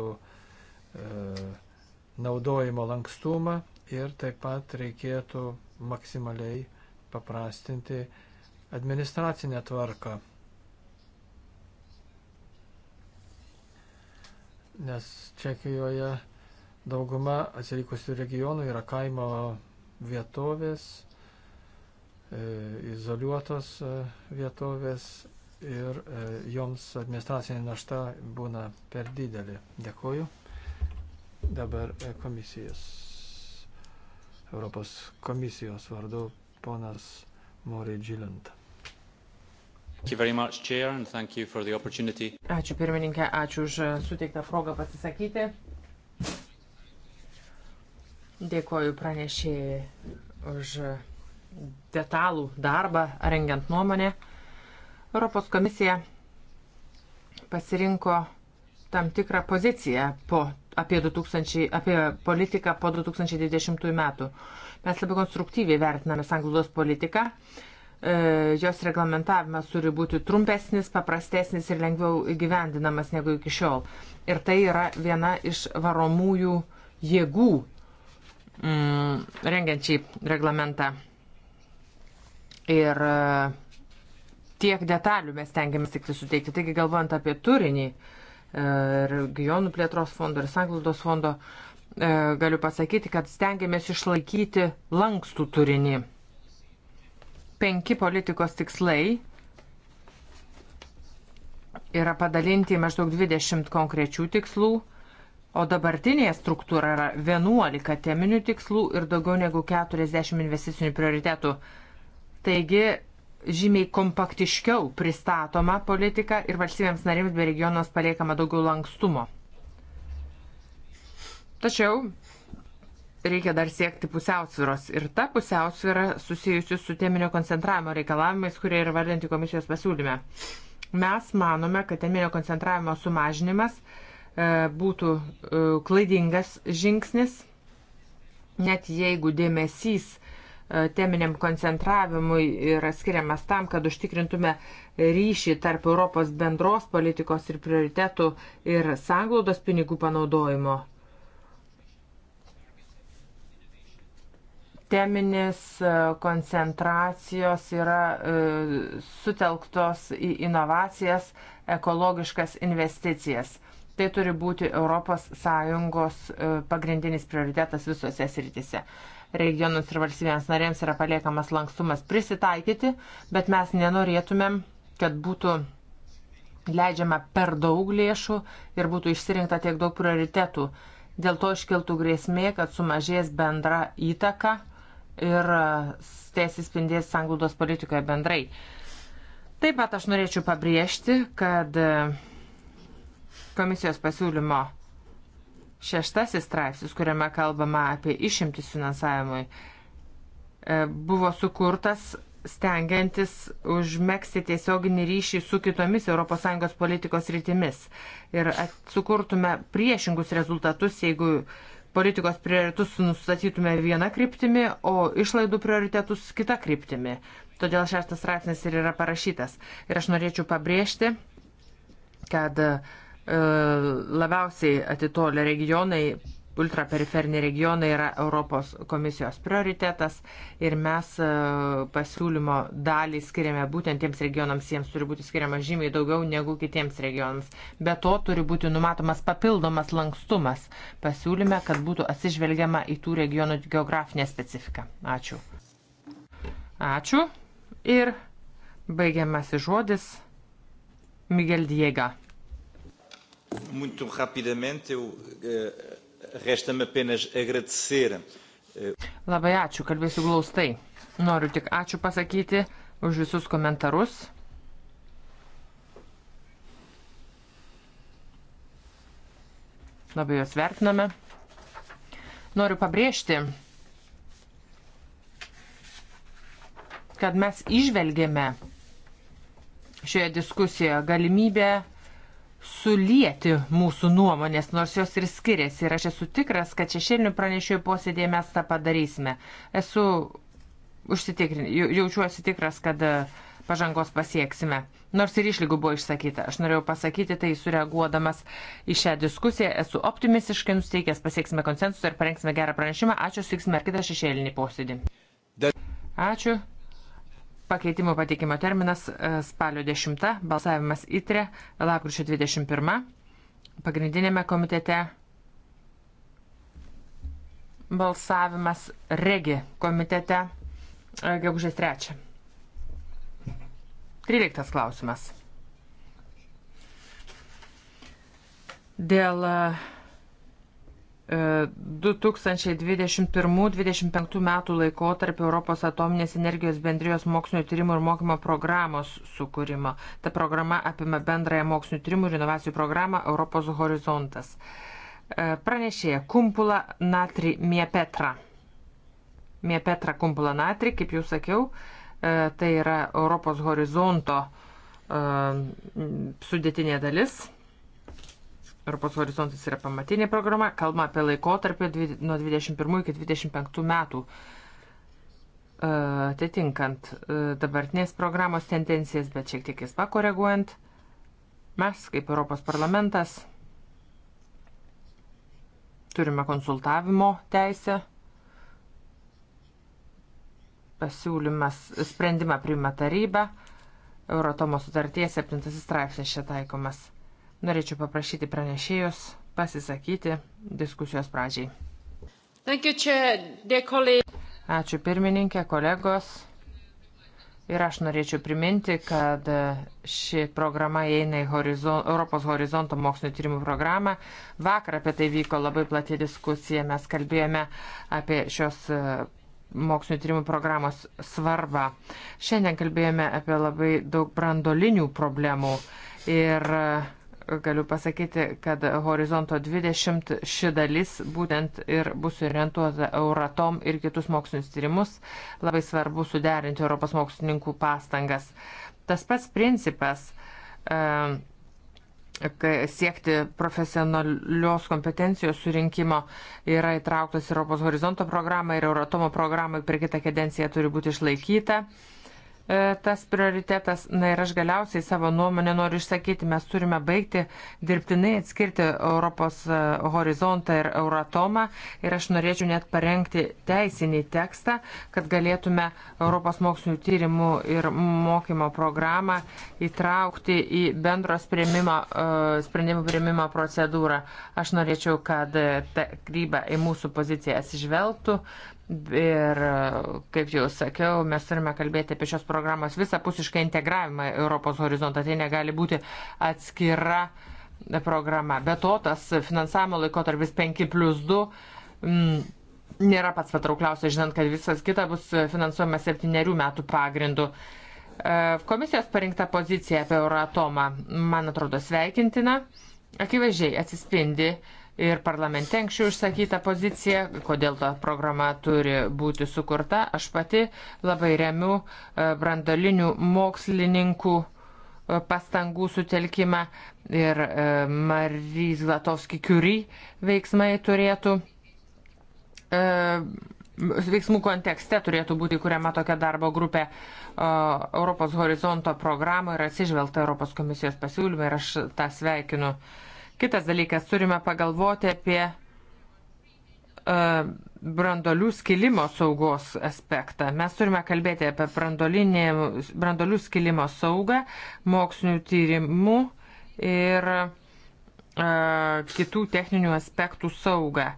naudojimo lankstumą ir taip pat reikėtų maksimaliai paprastinti administracinę tvarką. nes Čekijoje dauguma atsilikusių regionų yra kaimo vietovės, e, izoliuotos e, vietovės ir e, joms administracinė našta būna per didelė. Dėkuoju. Dabar komisijos, Europos komisijos vardu ponas Mori Džilanta. Ačiū pirmininkė, ačiū už uh, suteiktą progą pasisakyti. Dėkoju pranešėjai už uh, detalų darbą rengiant nuomonę. Europos komisija pasirinko tam tikrą poziciją po, apie, 2000, apie politiką po 2020 metų. Mes labai konstruktyviai vertiname sanglaudos politiką. Uh, E, jos reglamentavimas turi būti trumpesnis, paprastesnis ir lengviau įgyvendinamas negu iki šiol. Ir tai yra viena iš varomųjų jėgų mm, rengiant šį reglamentą. Ir e, tiek detalių mes tengiamės tik tai suteikti. Taigi galvojant apie turinį e, regionų plėtros fondo ir sanglaudos fondo, galiu pasakyti, kad stengiamės išlaikyti lankstų turinį penki politikos tikslai yra padalinti į maždaug 20 konkrečių tikslų, o dabartinėje struktūra yra 11 teminių tikslų ir daugiau negu 40 investicinių prioritetų. Taigi žymiai kompaktiškiau pristatoma politika ir valstybėms narėms bei regionams paliekama daugiau lankstumo. Tačiau reikia dar siekti pusiausviros. Ir ta pusiausvira susijusi su teminio koncentravimo reikalavimais, kurie yra vardinti komisijos pasiūlyme. Mes manome, kad teminio koncentravimo sumažinimas e, būtų e, klaidingas žingsnis, net jeigu dėmesys e, teminiam koncentravimui yra skiriamas tam, kad užtikrintume ryšį tarp Europos bendros politikos ir prioritetų ir sanglaudos pinigų panaudojimo. E, teminės e, koncentracijos yra e, sutelktos į inovacijas, ekologiškas investicijas. Tai turi būti ES e, pagrindinis prioritetas visose sritise. Regionus ir valstybėms narėms yra paliekamas lankstumas prisitaikyti, bet mes nenorėtumėm, kad būtų leidžiama per daug lėšų ir būtų išsirinkta tiek daug prioritetų. Dėl to iškiltų grėsmė, kad sumažės bendra įtaka ir e, tai atsispindės sanglaudos politikoje bendrai. Taip pat aš norėčiau pabrėžti, kad e, komisijos pasiūlymo šeštasis straipsnis, kuriame kalbama apie išimtis finansavimui, e, buvo sukurtas stengiantis užmėgsti tiesioginį ryšį su kitomis ES politikos rytimis ir sukurtume priešingus rezultatus, jeigu politikos prioritetus nustatytume vieną kryptimį, o išlaidų prioritetus kitą kryptimį. Todėl šeštas straipsnis ir yra parašytas. Ir aš norėčiau pabrėžti, kad e, labiausiai atitolę regionai ultraperiferiniai regionai yra Europos komisijos prioritetas ir mes e, pasiūlymo dalį skiriame būtent tiems regionams, jiems turi būti skiriama žymiai daugiau negu kitiems regionams. Be to turi būti numatomas papildomas lankstumas pasiūlyme, kad būtų atsižvelgiama į tų regionų geografinę specifiką. Ačiū. Ačiū. Ir baigiamasi žodis Miguel Diega. Muito rapidamente, eu uh, resta-me apenas agradecer. Eh, Labai ačiū, kalbėsiu glaustai. Noriu tik ačiū pasakyti už visus komentarus. Labai juos vertiname. Noriu pabrėžti, kad mes išvelgėme šioje diskusijoje galimybę sulieti mūsų nuomonės, nors jos ir skiriasi. Ir aš esu tikras, kad šešėlinių pranešėjų posėdėje mes tą padarysime. Esu užsitikrinęs, jaučiuosi tikras, kad e, pažangos pasieksime. Nors ir išlygų buvo išsakyta. Aš norėjau pasakyti tai sureaguodamas į šią diskusiją. Esu optimistiškai nusteikęs, pasieksime konsensusą ir parengsime gerą pranešimą. Ačiū, suiksime ir kitą šešėlinį posėdį. Ačiū. Pakeitimo pateikimo terminas e, spalio 10, balsavimas įtre, lakrušio 21. Pagrindinėme komitete balsavimas regi komitete e, gegužės 3. 13 klausimas. Dėl e, 2021-2025 metų laikotarpį Europos atominės energijos bendrijos mokslinio tyrimų ir mokymo programos sukūrimo. Ta programa apima bendrąją mokslinio tyrimų ir inovacijų programą Europos horizontas. E, pranešėja Kumpula Natri Miepetra. Miepetra Kumpula Natri, kaip jau sakiau, e, tai yra Europos horizonto e, sudėtinė dalis Europos horizontas yra pamatinė programa, kalba apie laikotarpį nuo 21 iki 25 metų. E, atitinkant e, dabartinės programos tendencijas, bet šiek tiek jas pakoreguojant, mes kaip Europos parlamentas turime konsultavimo teisę. Pasiūlymas sprendimą priima taryba. Euratomo sutarties 7 straipsnis čia taikomas. Norėčiau paprašyti pranešėjus pasisakyti diskusijos pradžiai. Ačiū pirmininkė, kolegos. Ir aš norėčiau priminti, kad ši programa įeina į horizon, Europos horizonto mokslinio tyrimų programą. Vakar apie tai vyko labai plati diskusija. Mes kalbėjome apie šios e, mokslinio tyrimų programos svarbą. Šiandien kalbėjome apie labai daug brandolinių problemų. Ir uh, galiu pasakyti, kad Horizonto 20 ši dalis būtent ir bus orientuota Euratom ir kitus mokslinius tyrimus. Labai svarbu suderinti Europos mokslininkų pastangas. Tas pats principas siekti profesionalios kompetencijos surinkimo yra įtrauktas Europos horizonto programą ir Euratomo programą per kitą kadenciją turi būti išlaikyta. Uh, E, tas prioritetas. Na ir aš galiausiai savo nuomonę noriu išsakyti, mes turime baigti dirbtinai atskirti Europos e, horizontą ir Euratomą. Ir aš norėčiau net parengti teisinį tekstą, kad galėtume Europos mokslinių tyrimų ir mokymo programą įtraukti į bendro sprendimo, e, sprendimų prieimimo procedūrą. Aš norėčiau, kad ta kryba į mūsų poziciją atsižvelgtų. Ir, kaip jau sakiau, mes turime kalbėti apie šios programos visapusišką integravimą Europos horizontą. Tai negali būti atskira programa. Be to, tas finansavimo laikotarpis 5 plus 2 m, mm, nėra pats patraukliausias, žinant, kad visas kita bus finansuojama septyniarių metų pagrindu. E, komisijos parinkta pozicija apie Euratomą, man atrodo, sveikintina, akivaizdžiai atsispindi uh, ir parlamente anksčiau išsakytą poziciją, kodėl ta programa turi būti sukurta. Aš pati labai remiu e, brandolinių mokslininkų e, pastangų sutelkimą ir e, Marys Latovski Kiuri veiksmai turėtų veiksmų kontekste turėtų būti kuriama tokia darbo grupė Europos horizonto programų ir atsižvelgta Europos komisijos pasiūlymai ir aš tą sveikinu. Uh, Kitas dalykas, turime pagalvoti apie uh, brandolių skilimo saugos aspektą. Mes turime kalbėti apie brandolių skilimo saugą, mokslinių tyrimų ir uh, kitų techninių aspektų saugą.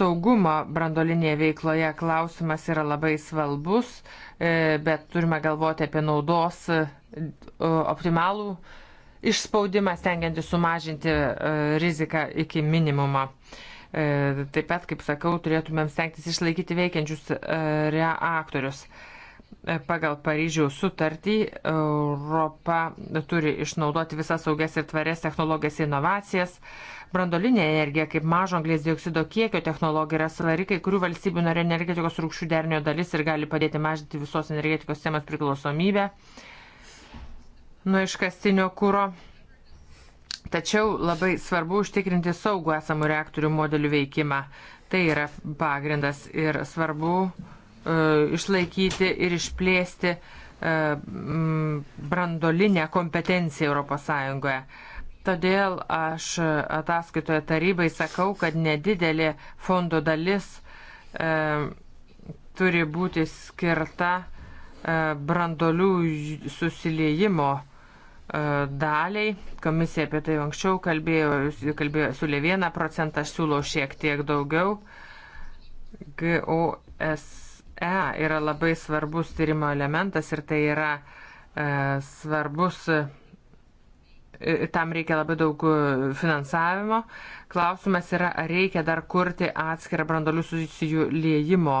Saugumo brandolinėje veikloje klausimas yra labai svalbus, e, bet turime galvoti apie naudos optimalų uh, išspaudimas tengiantis sumažinti e, riziką iki minimumo. E, taip pat, kaip sakau, turėtumėm stengtis išlaikyti veikiančius e, reaktorius. Pagal Paryžiaus sutartį Europa turi išnaudoti visas saugias ir tvarias technologijas ir inovacijas. Brandolinė energija kaip mažo anglės dioksido kiekio technologija yra salarikai, kurių valstybių nori energetikos rūkščių dernio dalis ir gali padėti mažinti visos energetikos sistemos priklausomybę. Uh, nuo iškastinio kūro. Tačiau labai svarbu užtikrinti saugų esamų reaktorių modelių veikimą. Tai yra pagrindas ir svarbu e, išlaikyti ir išplėsti e, m, brandolinę kompetenciją ES. Todėl aš ataskaitoje tarybai sakau, kad nedidelė fondo dalis e, turi būti skirta e, brandolių susiliejimo daliai. Komisija apie tai anksčiau kalbėjo, kalbėjo siūlė 1 procentą, aš siūlau šiek tiek daugiau. GOSE yra labai svarbus tyrimo elementas ir tai yra e, svarbus, e, tam reikia labai daug e, finansavimo. Klausimas yra, ar reikia dar kurti atskirą brandolių susijų liejimo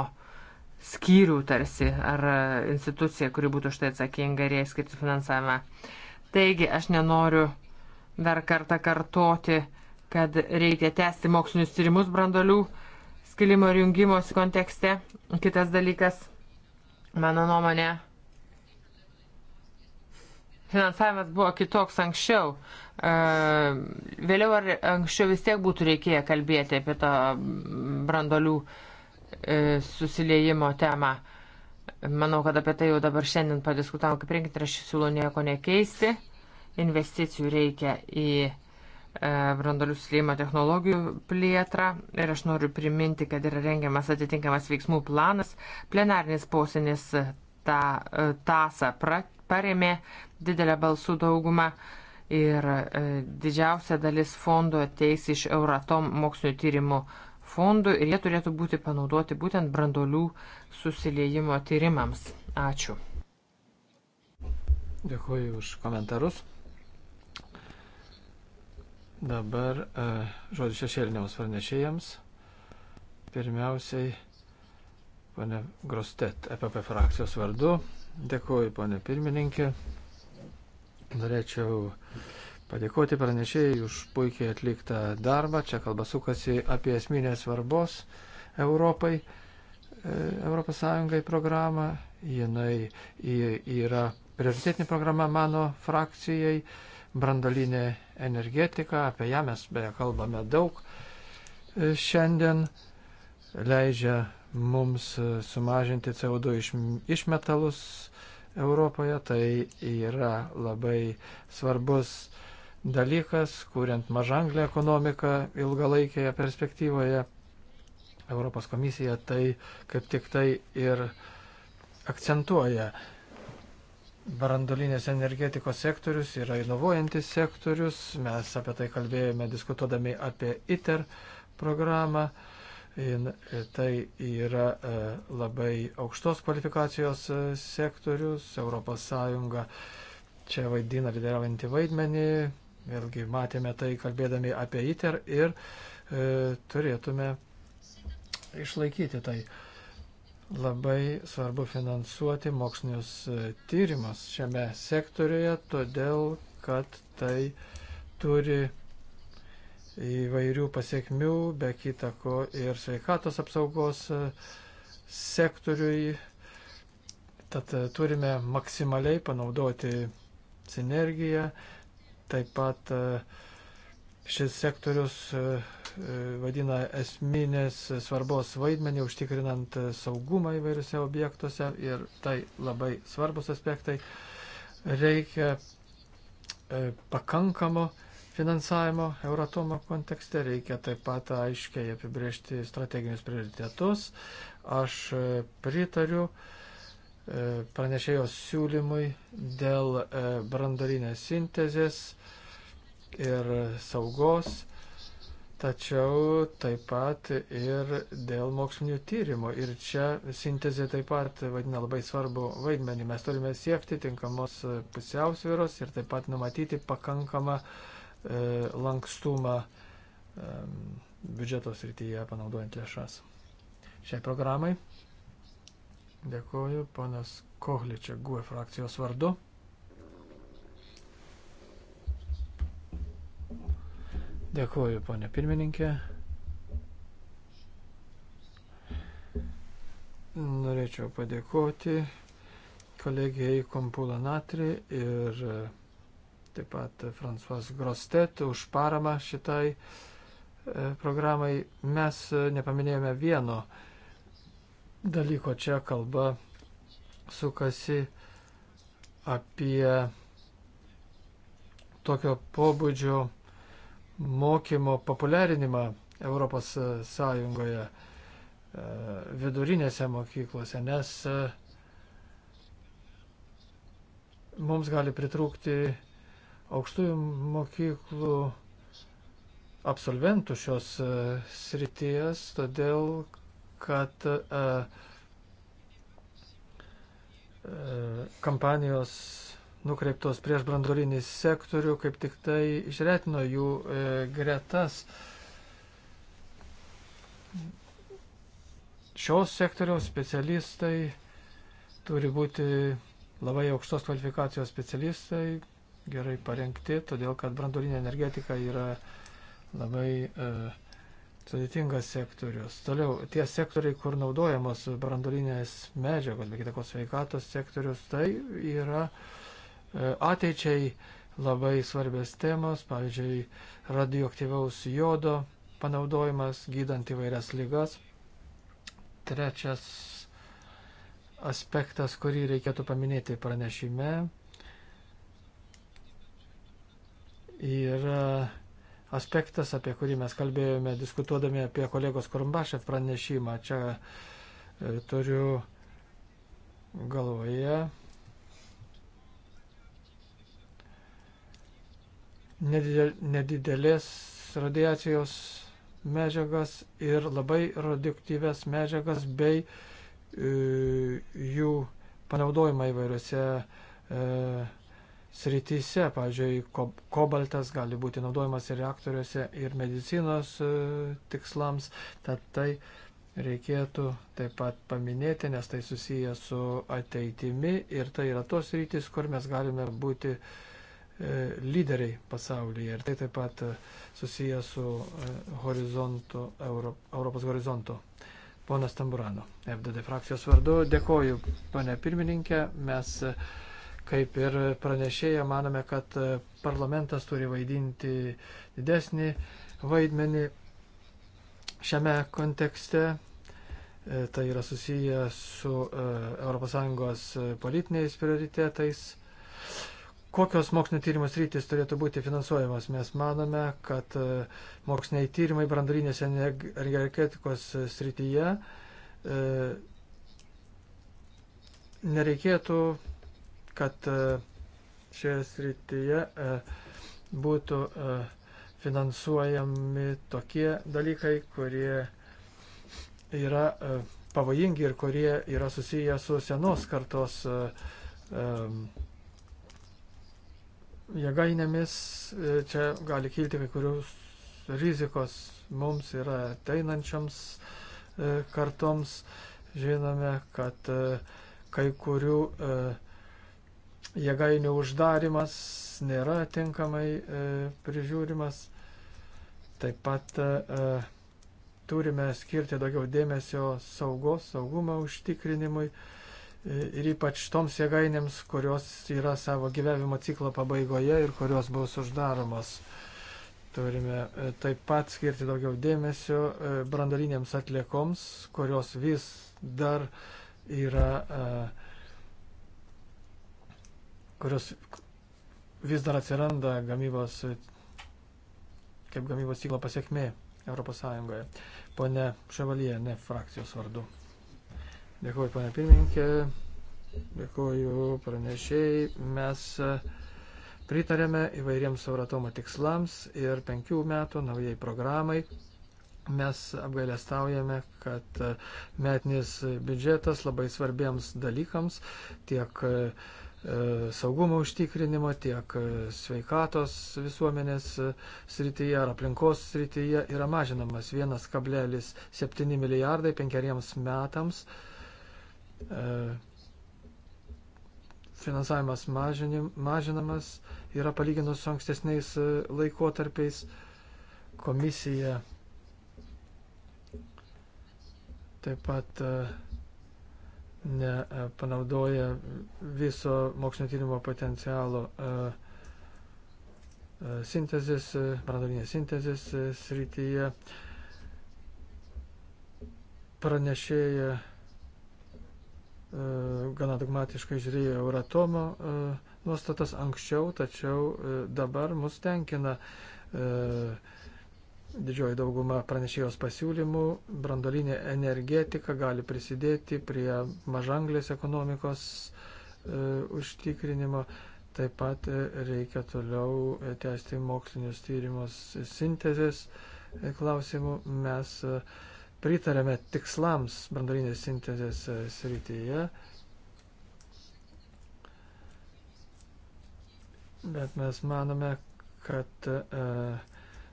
skyrių tarsi, ar e, institucija, kuri būtų už tai atsakinga ir jai skirti finansavimą. Taigi aš nenoriu dar kartą kartoti, kad reikia tęsti mokslinius tyrimus brandolių skilimo ir jungimosi kontekste. Kitas dalykas, mano nuomonė, finansavimas buvo kitoks anksčiau. E, vėliau ar anksčiau vis tiek būtų reikėję kalbėti apie tą brandolių e, susiliejimo temą. Manau, kad apie tai jau dabar šiandien padiskutavom, kaip rinkit, aš siūlau nieko nekeisti. Investicijų reikia į e, brandolių slėjimo technologijų plėtrą ir aš noriu priminti, kad yra rengiamas atitinkamas veiksmų planas. Plenarnis posinis tą e, tasą paremė didelę balsų daugumą ir e, didžiausia dalis fondų ateis iš Euratom mokslinio tyrimų fondų ir jie turėtų būti panaudoti būtent brandolių susiliejimo tyrimams. Ačiū. Dėkuoju už komentarus. Dabar e, žodžiu šešėliniams pranešėjams. Pirmiausiai, ponė Grostet, EPP frakcijos vardu. Dėkuoju, ponė pirmininkė. Norėčiau uh, padėkoti pranešėjai už puikiai atliktą darbą. Čia kalba sukasi apie esminės svarbos Europai, e, Europos Sąjungai programą. Jinai yra prioritetinė programa mano frakcijai, brandalinė energetika, apie ją mes beje kalbame daug e, šiandien, leidžia mums sumažinti CO2 išmetalus Europoje, tai yra labai svarbus dalykas, kuriant mažanglę ekonomiką ilgalaikėje perspektyvoje. Europos komisija tai kaip tik tai ir akcentuoja. Brandolinės energetikos sektorius yra inovuojantis sektorius. Mes apie tai kalbėjome diskutuodami apie ITER programą. Ir tai yra e, labai aukštos kvalifikacijos e, sektorius. ES čia vaidina lyderiaujantį vaidmenį, Vėlgi matėme tai kalbėdami apie ITER ir e, turėtume išlaikyti tai. Labai svarbu finansuoti mokslinius e, tyrimus šiame sektoriuje, todėl kad tai turi įvairių pasiekmių, be kita ko ir sveikatos apsaugos e, sektoriui. Tad e, turime maksimaliai panaudoti sinergiją, Taip pat e, šis sektorius e, e, vadina esminės svarbos vaidmenį užtikrinant saugumą įvairiuose objektuose ir tai labai svarbus aspektai. Reikia pakankamo finansavimo Euratomo kontekste, reikia taip pat aiškiai apibriežti strateginius prioritetus. Aš pritariu uh, E, pranešėjos siūlymui dėl e, brandolinės sintezės ir saugos, tačiau taip pat ir dėl mokslinių tyrimų. Ir čia sintezė taip pat vadina labai svarbu vaidmenį. Mes turime siekti tinkamos pusiausvyros ir taip pat numatyti pakankamą e, lankstumą e, biudžeto srityje panaudojant lėšas šiai programai. Dėkoju, ponas Kohličia, GUE frakcijos vardu. Dėkoju, ponė pirmininkė. Norėčiau padėkoti kolegijai Kompula Natri ir taip pat Fransuas Grostet už paramą šitai e, programai. Mes e, nepaminėjome vieno dalyko. Čia kalba sukasi apie tokio pobūdžio mokymo populiarinimą Europos Sąjungoje e, vidurinėse mokyklose, nes e, mums gali pritrūkti aukštųjų mokyklų absolventų šios e, srities, todėl kad e, e, kampanijos nukreiptos prieš brandolinį sektorių kaip tik tai išretino jų e, gretas. Šios sektoriaus specialistai turi būti labai aukštos kvalifikacijos specialistai, gerai parengti, todėl kad brandolinė energetika yra labai uh, sudėtingas sektorius. Toliau, tie sektoriai, kur naudojamos brandolinės medžiagos, be kitakos sveikatos sektorius, tai yra e, ateičiai labai svarbios temos, pavyzdžiui, radioaktyvaus jodo panaudojimas gydant įvairias lygas. Trečias aspektas, kurį reikėtų paminėti pranešime, yra aspektas, apie kurį mes kalbėjome diskutuodami apie kolegos Korumbašev pranešimą. Čia e, turiu galvoje nedidelės radiacijos medžiagas ir labai radioaktyves medžiagas bei e, jų panaudojimą įvairiose e, srityse. Pavyzdžiui, kobaltas gali būti naudojamas ir reaktoriuose, ir medicinos e, tikslams. Tad tai reikėtų taip pat paminėti, nes tai susiję su ateitimi ir tai yra tos rytis, kur mes galime būti e, lyderiai pasaulyje. Ir tai taip pat e, susiję su horizontu, Europos horizontu. Ponas Tamburano, FDD frakcijos vardu, dėkoju, ponė pirmininkė, mes Kaip ir pranešėja, manome, kad parlamentas turi vaidinti didesnį vaidmenį šiame kontekste. E, tai yra susiję su e, ES politiniais prioritetais. Kokios mokslinio tyrimo sritis turėtų būti finansuojamos? Mes manome, kad e, moksliniai tyrimai brandulinės energetikos srityje nereikėtų kad e, šioje srityje e, būtų e, finansuojami tokie dalykai, kurie yra pavojingi ir kurie yra susiję su senos kartos jėgainėmis. Čia gali kilti kai kurių rizikos mums ir ateinančioms kartoms. Žinome, kad kai kurių uh, jėgainių uždarimas nėra tinkamai e, prižiūrimas. Taip pat e, turime skirti daugiau dėmesio saugos, saugumo užtikrinimui e, ir ypač toms jėgainėms, kurios yra savo gyvavimo ciklo pabaigoje ir kurios bus uždaromos. Turime e, taip pat skirti daugiau dėmesio e, brandalinėms atliekoms, kurios vis dar yra e, kurios vis dar atsiranda gamybos, kaip gamybos ciklo pasiekmė ES. Pone Ševalyje, ne frakcijos vardu. Dėkuoju, pone pirmininkė, dėkuoju pranešėjai. Mes e, pritarėme įvairiems Euratomo tikslams ir penkių metų naujai programai. Mes apgailestaujame, kad e, metinis biudžetas labai svarbiems dalykams tiek uh, E, saugumo užtikrinimo, tiek e, sveikatos visuomenės e, srityje ar aplinkos srityje yra mažinamas 1,7 milijardai penkeriems metams. Finansavimas mažinim, mažinamas yra palyginus su ankstesniais laikotarpiais. Komisija taip pat uh, nepanaudoja viso mokslinio tyrimo potencialo e, e, sintezės, brandolinės sintezės srityje. Pranešėja e, gana dogmatiškai žiūrėjo Euratomo nuostatas anksčiau, tačiau dabar mus tenkina didžioji dauguma pranešėjos pasiūlymų, brandolinė energetika gali prisidėti prie mažanglės ekonomikos e, užtikrinimo. Taip pat e, reikia toliau e, tęsti mokslinius tyrimus sintezės e, klausimų. Mes pritarėme tikslams brandolinės sintezės srityje. Bet mes manome, kad e,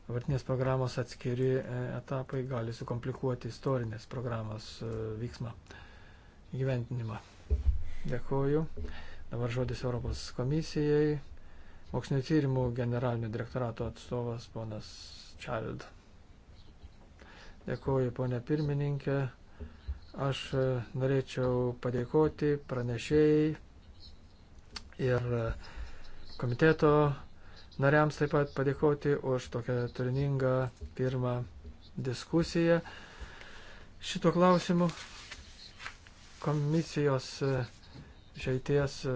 Dabartinės programos atskiri e, etapai gali sukomplikuoti istorinės programos e, vyksmą gyventinimą. Dėkuoju. Dabar žodis Europos komisijai. Mokslinio tyrimų generalinio direktorato atstovas ponas Child. Dėkuoju, ponė pirmininkė. Aš e, norėčiau padėkoti pranešėjai ir komiteto nariams taip pat padėkoti už tokią turiningą pirmą diskusiją. Šito klausimu komisijos e, išeities e,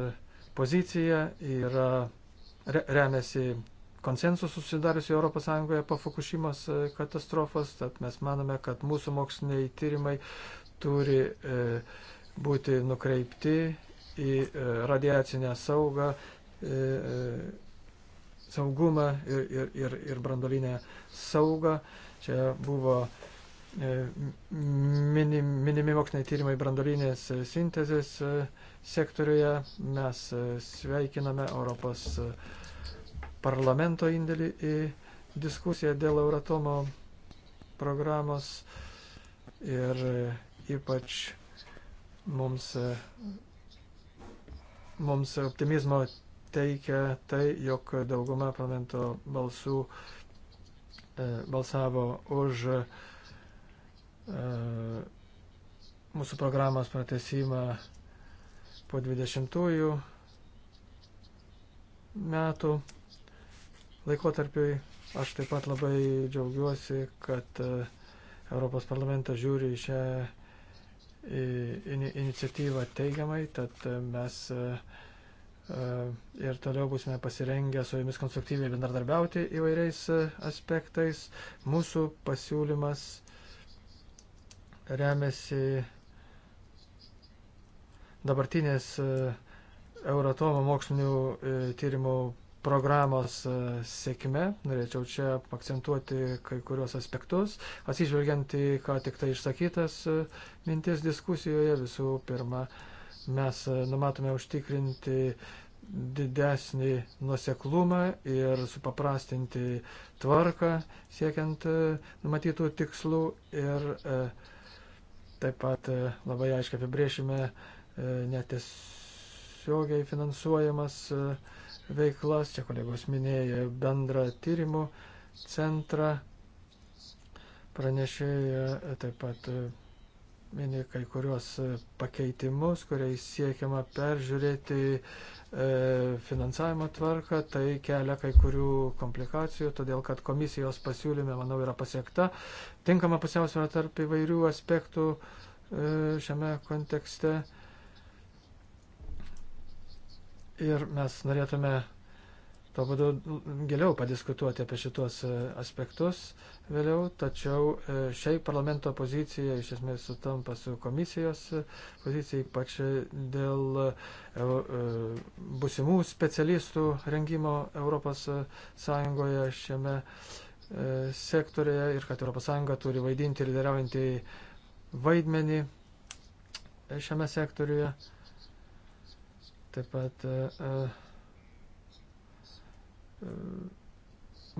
pozicija yra remiasi konsensus susidariusi ES po Fukushimos e, katastrofos, tad mes manome, kad mūsų moksliniai tyrimai turi e, būti nukreipti į e, radiacinę saugą, e, saugumą ir, ir, ir, ir brandolinę saugą. Čia buvo e, minimi, minimi moksliniai tyrimai brandolinės sintezės e, sektoriuje. Mes e, sveikiname Europos parlamento indėlį į diskusiją dėl Euratomo programos ir ypač mums, mums optimizmo teikia tai, jog dauguma parlamento balsų e, balsavo už e, mūsų programos pratesimą po 20-ųjų metų laikotarpiui. Aš taip pat labai džiaugiuosi, kad e, Europos parlamentas žiūri į šią iniciatyvą teigiamai, tad mes uh, E, ir toliau būsime pasirengę su jumis konstruktyviai bendradarbiauti įvairiais e, aspektais. Mūsų pasiūlymas remiasi dabartinės e, Euratomo mokslinių tyrimų programos sėkme. Norėčiau čia akcentuoti kai kurios aspektus, atsižvelgiant į ką tik tai išsakytas mintis diskusijoje. Visų pirma, mes numatome užtikrinti didesnį nuseklumą ir supaprastinti tvarką siekiant e, numatytų tikslų ir e, taip pat e, labai aiškiai apibriešime netiesiogiai finansuojamas veiklas. Čia kolegos minėjo bendrą tyrimų centrą. Pranešėja taip pat mini kai kurios pakeitimus, kuriais siekiama peržiūrėti E, finansavimo tvarką, tai kelia kai kurių komplikacijų, todėl kad komisijos pasiūlyme, manau, yra pasiekta tinkama pusiausvėra tarp įvairių aspektų e, šiame kontekste. Ir mes norėtume tuo būdu giliau padiskutuoti apie šitos e, aspektus vėliau, tačiau e, šiai parlamento pozicija iš esmės sutampa su komisijos e, pozicija, ypač dėl busimų specialistų rengimo ES šiame sektorėje ir kad ES turi vaidinti lyderiaujantį vaidmenį šiame sektoriuje. Taip pat uh, E,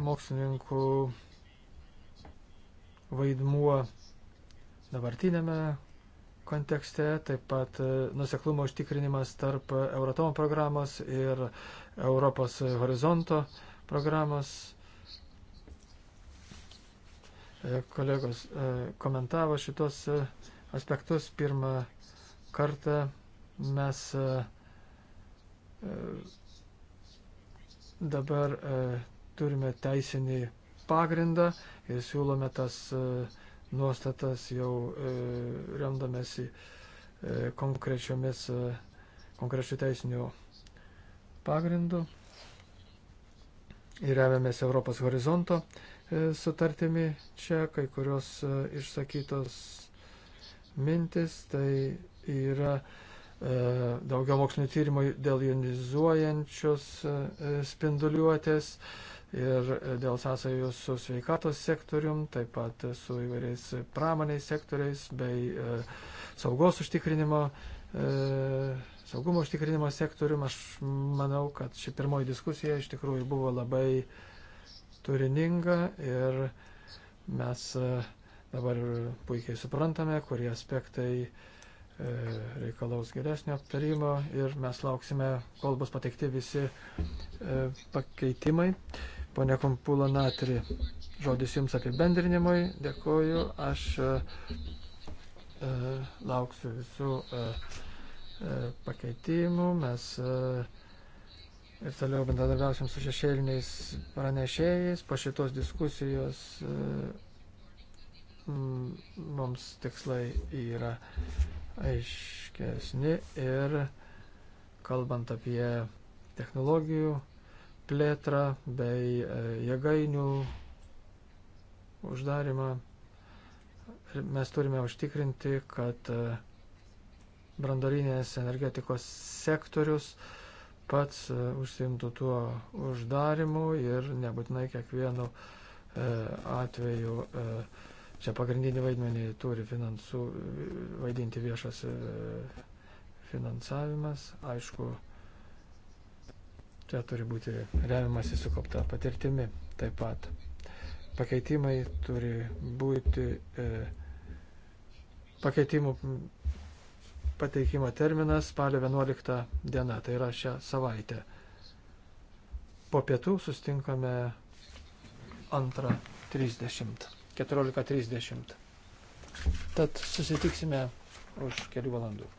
mokslininkų vaidmuo dabartinėme kontekste, taip pat e, nuseklumo užtikrinimas tarp Euratomo programos ir Europos horizonto programos. E, kolegos komentavo šitos aspektus. Pirmą kartą mes Dabar e, turime teisinį pagrindą ir siūlome tas e, nuostatas jau e, remdamėsi e, konkrečiomis, e, konkrečių teisinių pagrindų ir remiamės Europos horizonto e, sutartimi. Čia kai kurios e, išsakytos mintis, tai yra e, E, daugiau mokslinio tyrimų dėl jonizuojančios e, spinduliuotės ir dėl sąsajų su sveikatos sektorium, taip pat su įvairiais pramoniais sektoriais bei e, saugos užtikrinimo, saugumo užtikrinimo sektorium. Aš manau, kad ši pirmoji diskusija iš tikrųjų buvo labai turininga ir mes dabar puikiai suprantame, kurie aspektai uh, E, reikalaus geresnio aptarimo ir mes lauksime, kol bus pateikti visi e, pakeitimai. Pone Kompula Natri, žodis Jums apibendrinimui. Dėkoju, aš e, lauksiu visų pakeitimų. Mes ir toliau bendradarbiausim su šešėliniais pranešėjais. Po šitos diskusijos mums tikslai yra aiškesni ir kalbant apie technologijų plėtrą bei e, jėgainių uždarimą, mes turime užtikrinti, kad e, brandolinės energetikos sektorius pats e, užsimtų tuo uždarimu ir nebūtinai kiekvienu atveju uh, Čia pagrindinį vaidmenį turi finansų, vaidinti viešas e, finansavimas. Aišku, čia turi būti remiamasi sukaupta patirtimi taip pat. Pakeitimai turi būti e, pakeitimų pateikimo terminas spalio 11 diena, tai yra šią savaitę. Po pietų sustinkame antrą 30. 14.30. Tad susitiksime už kelių valandų.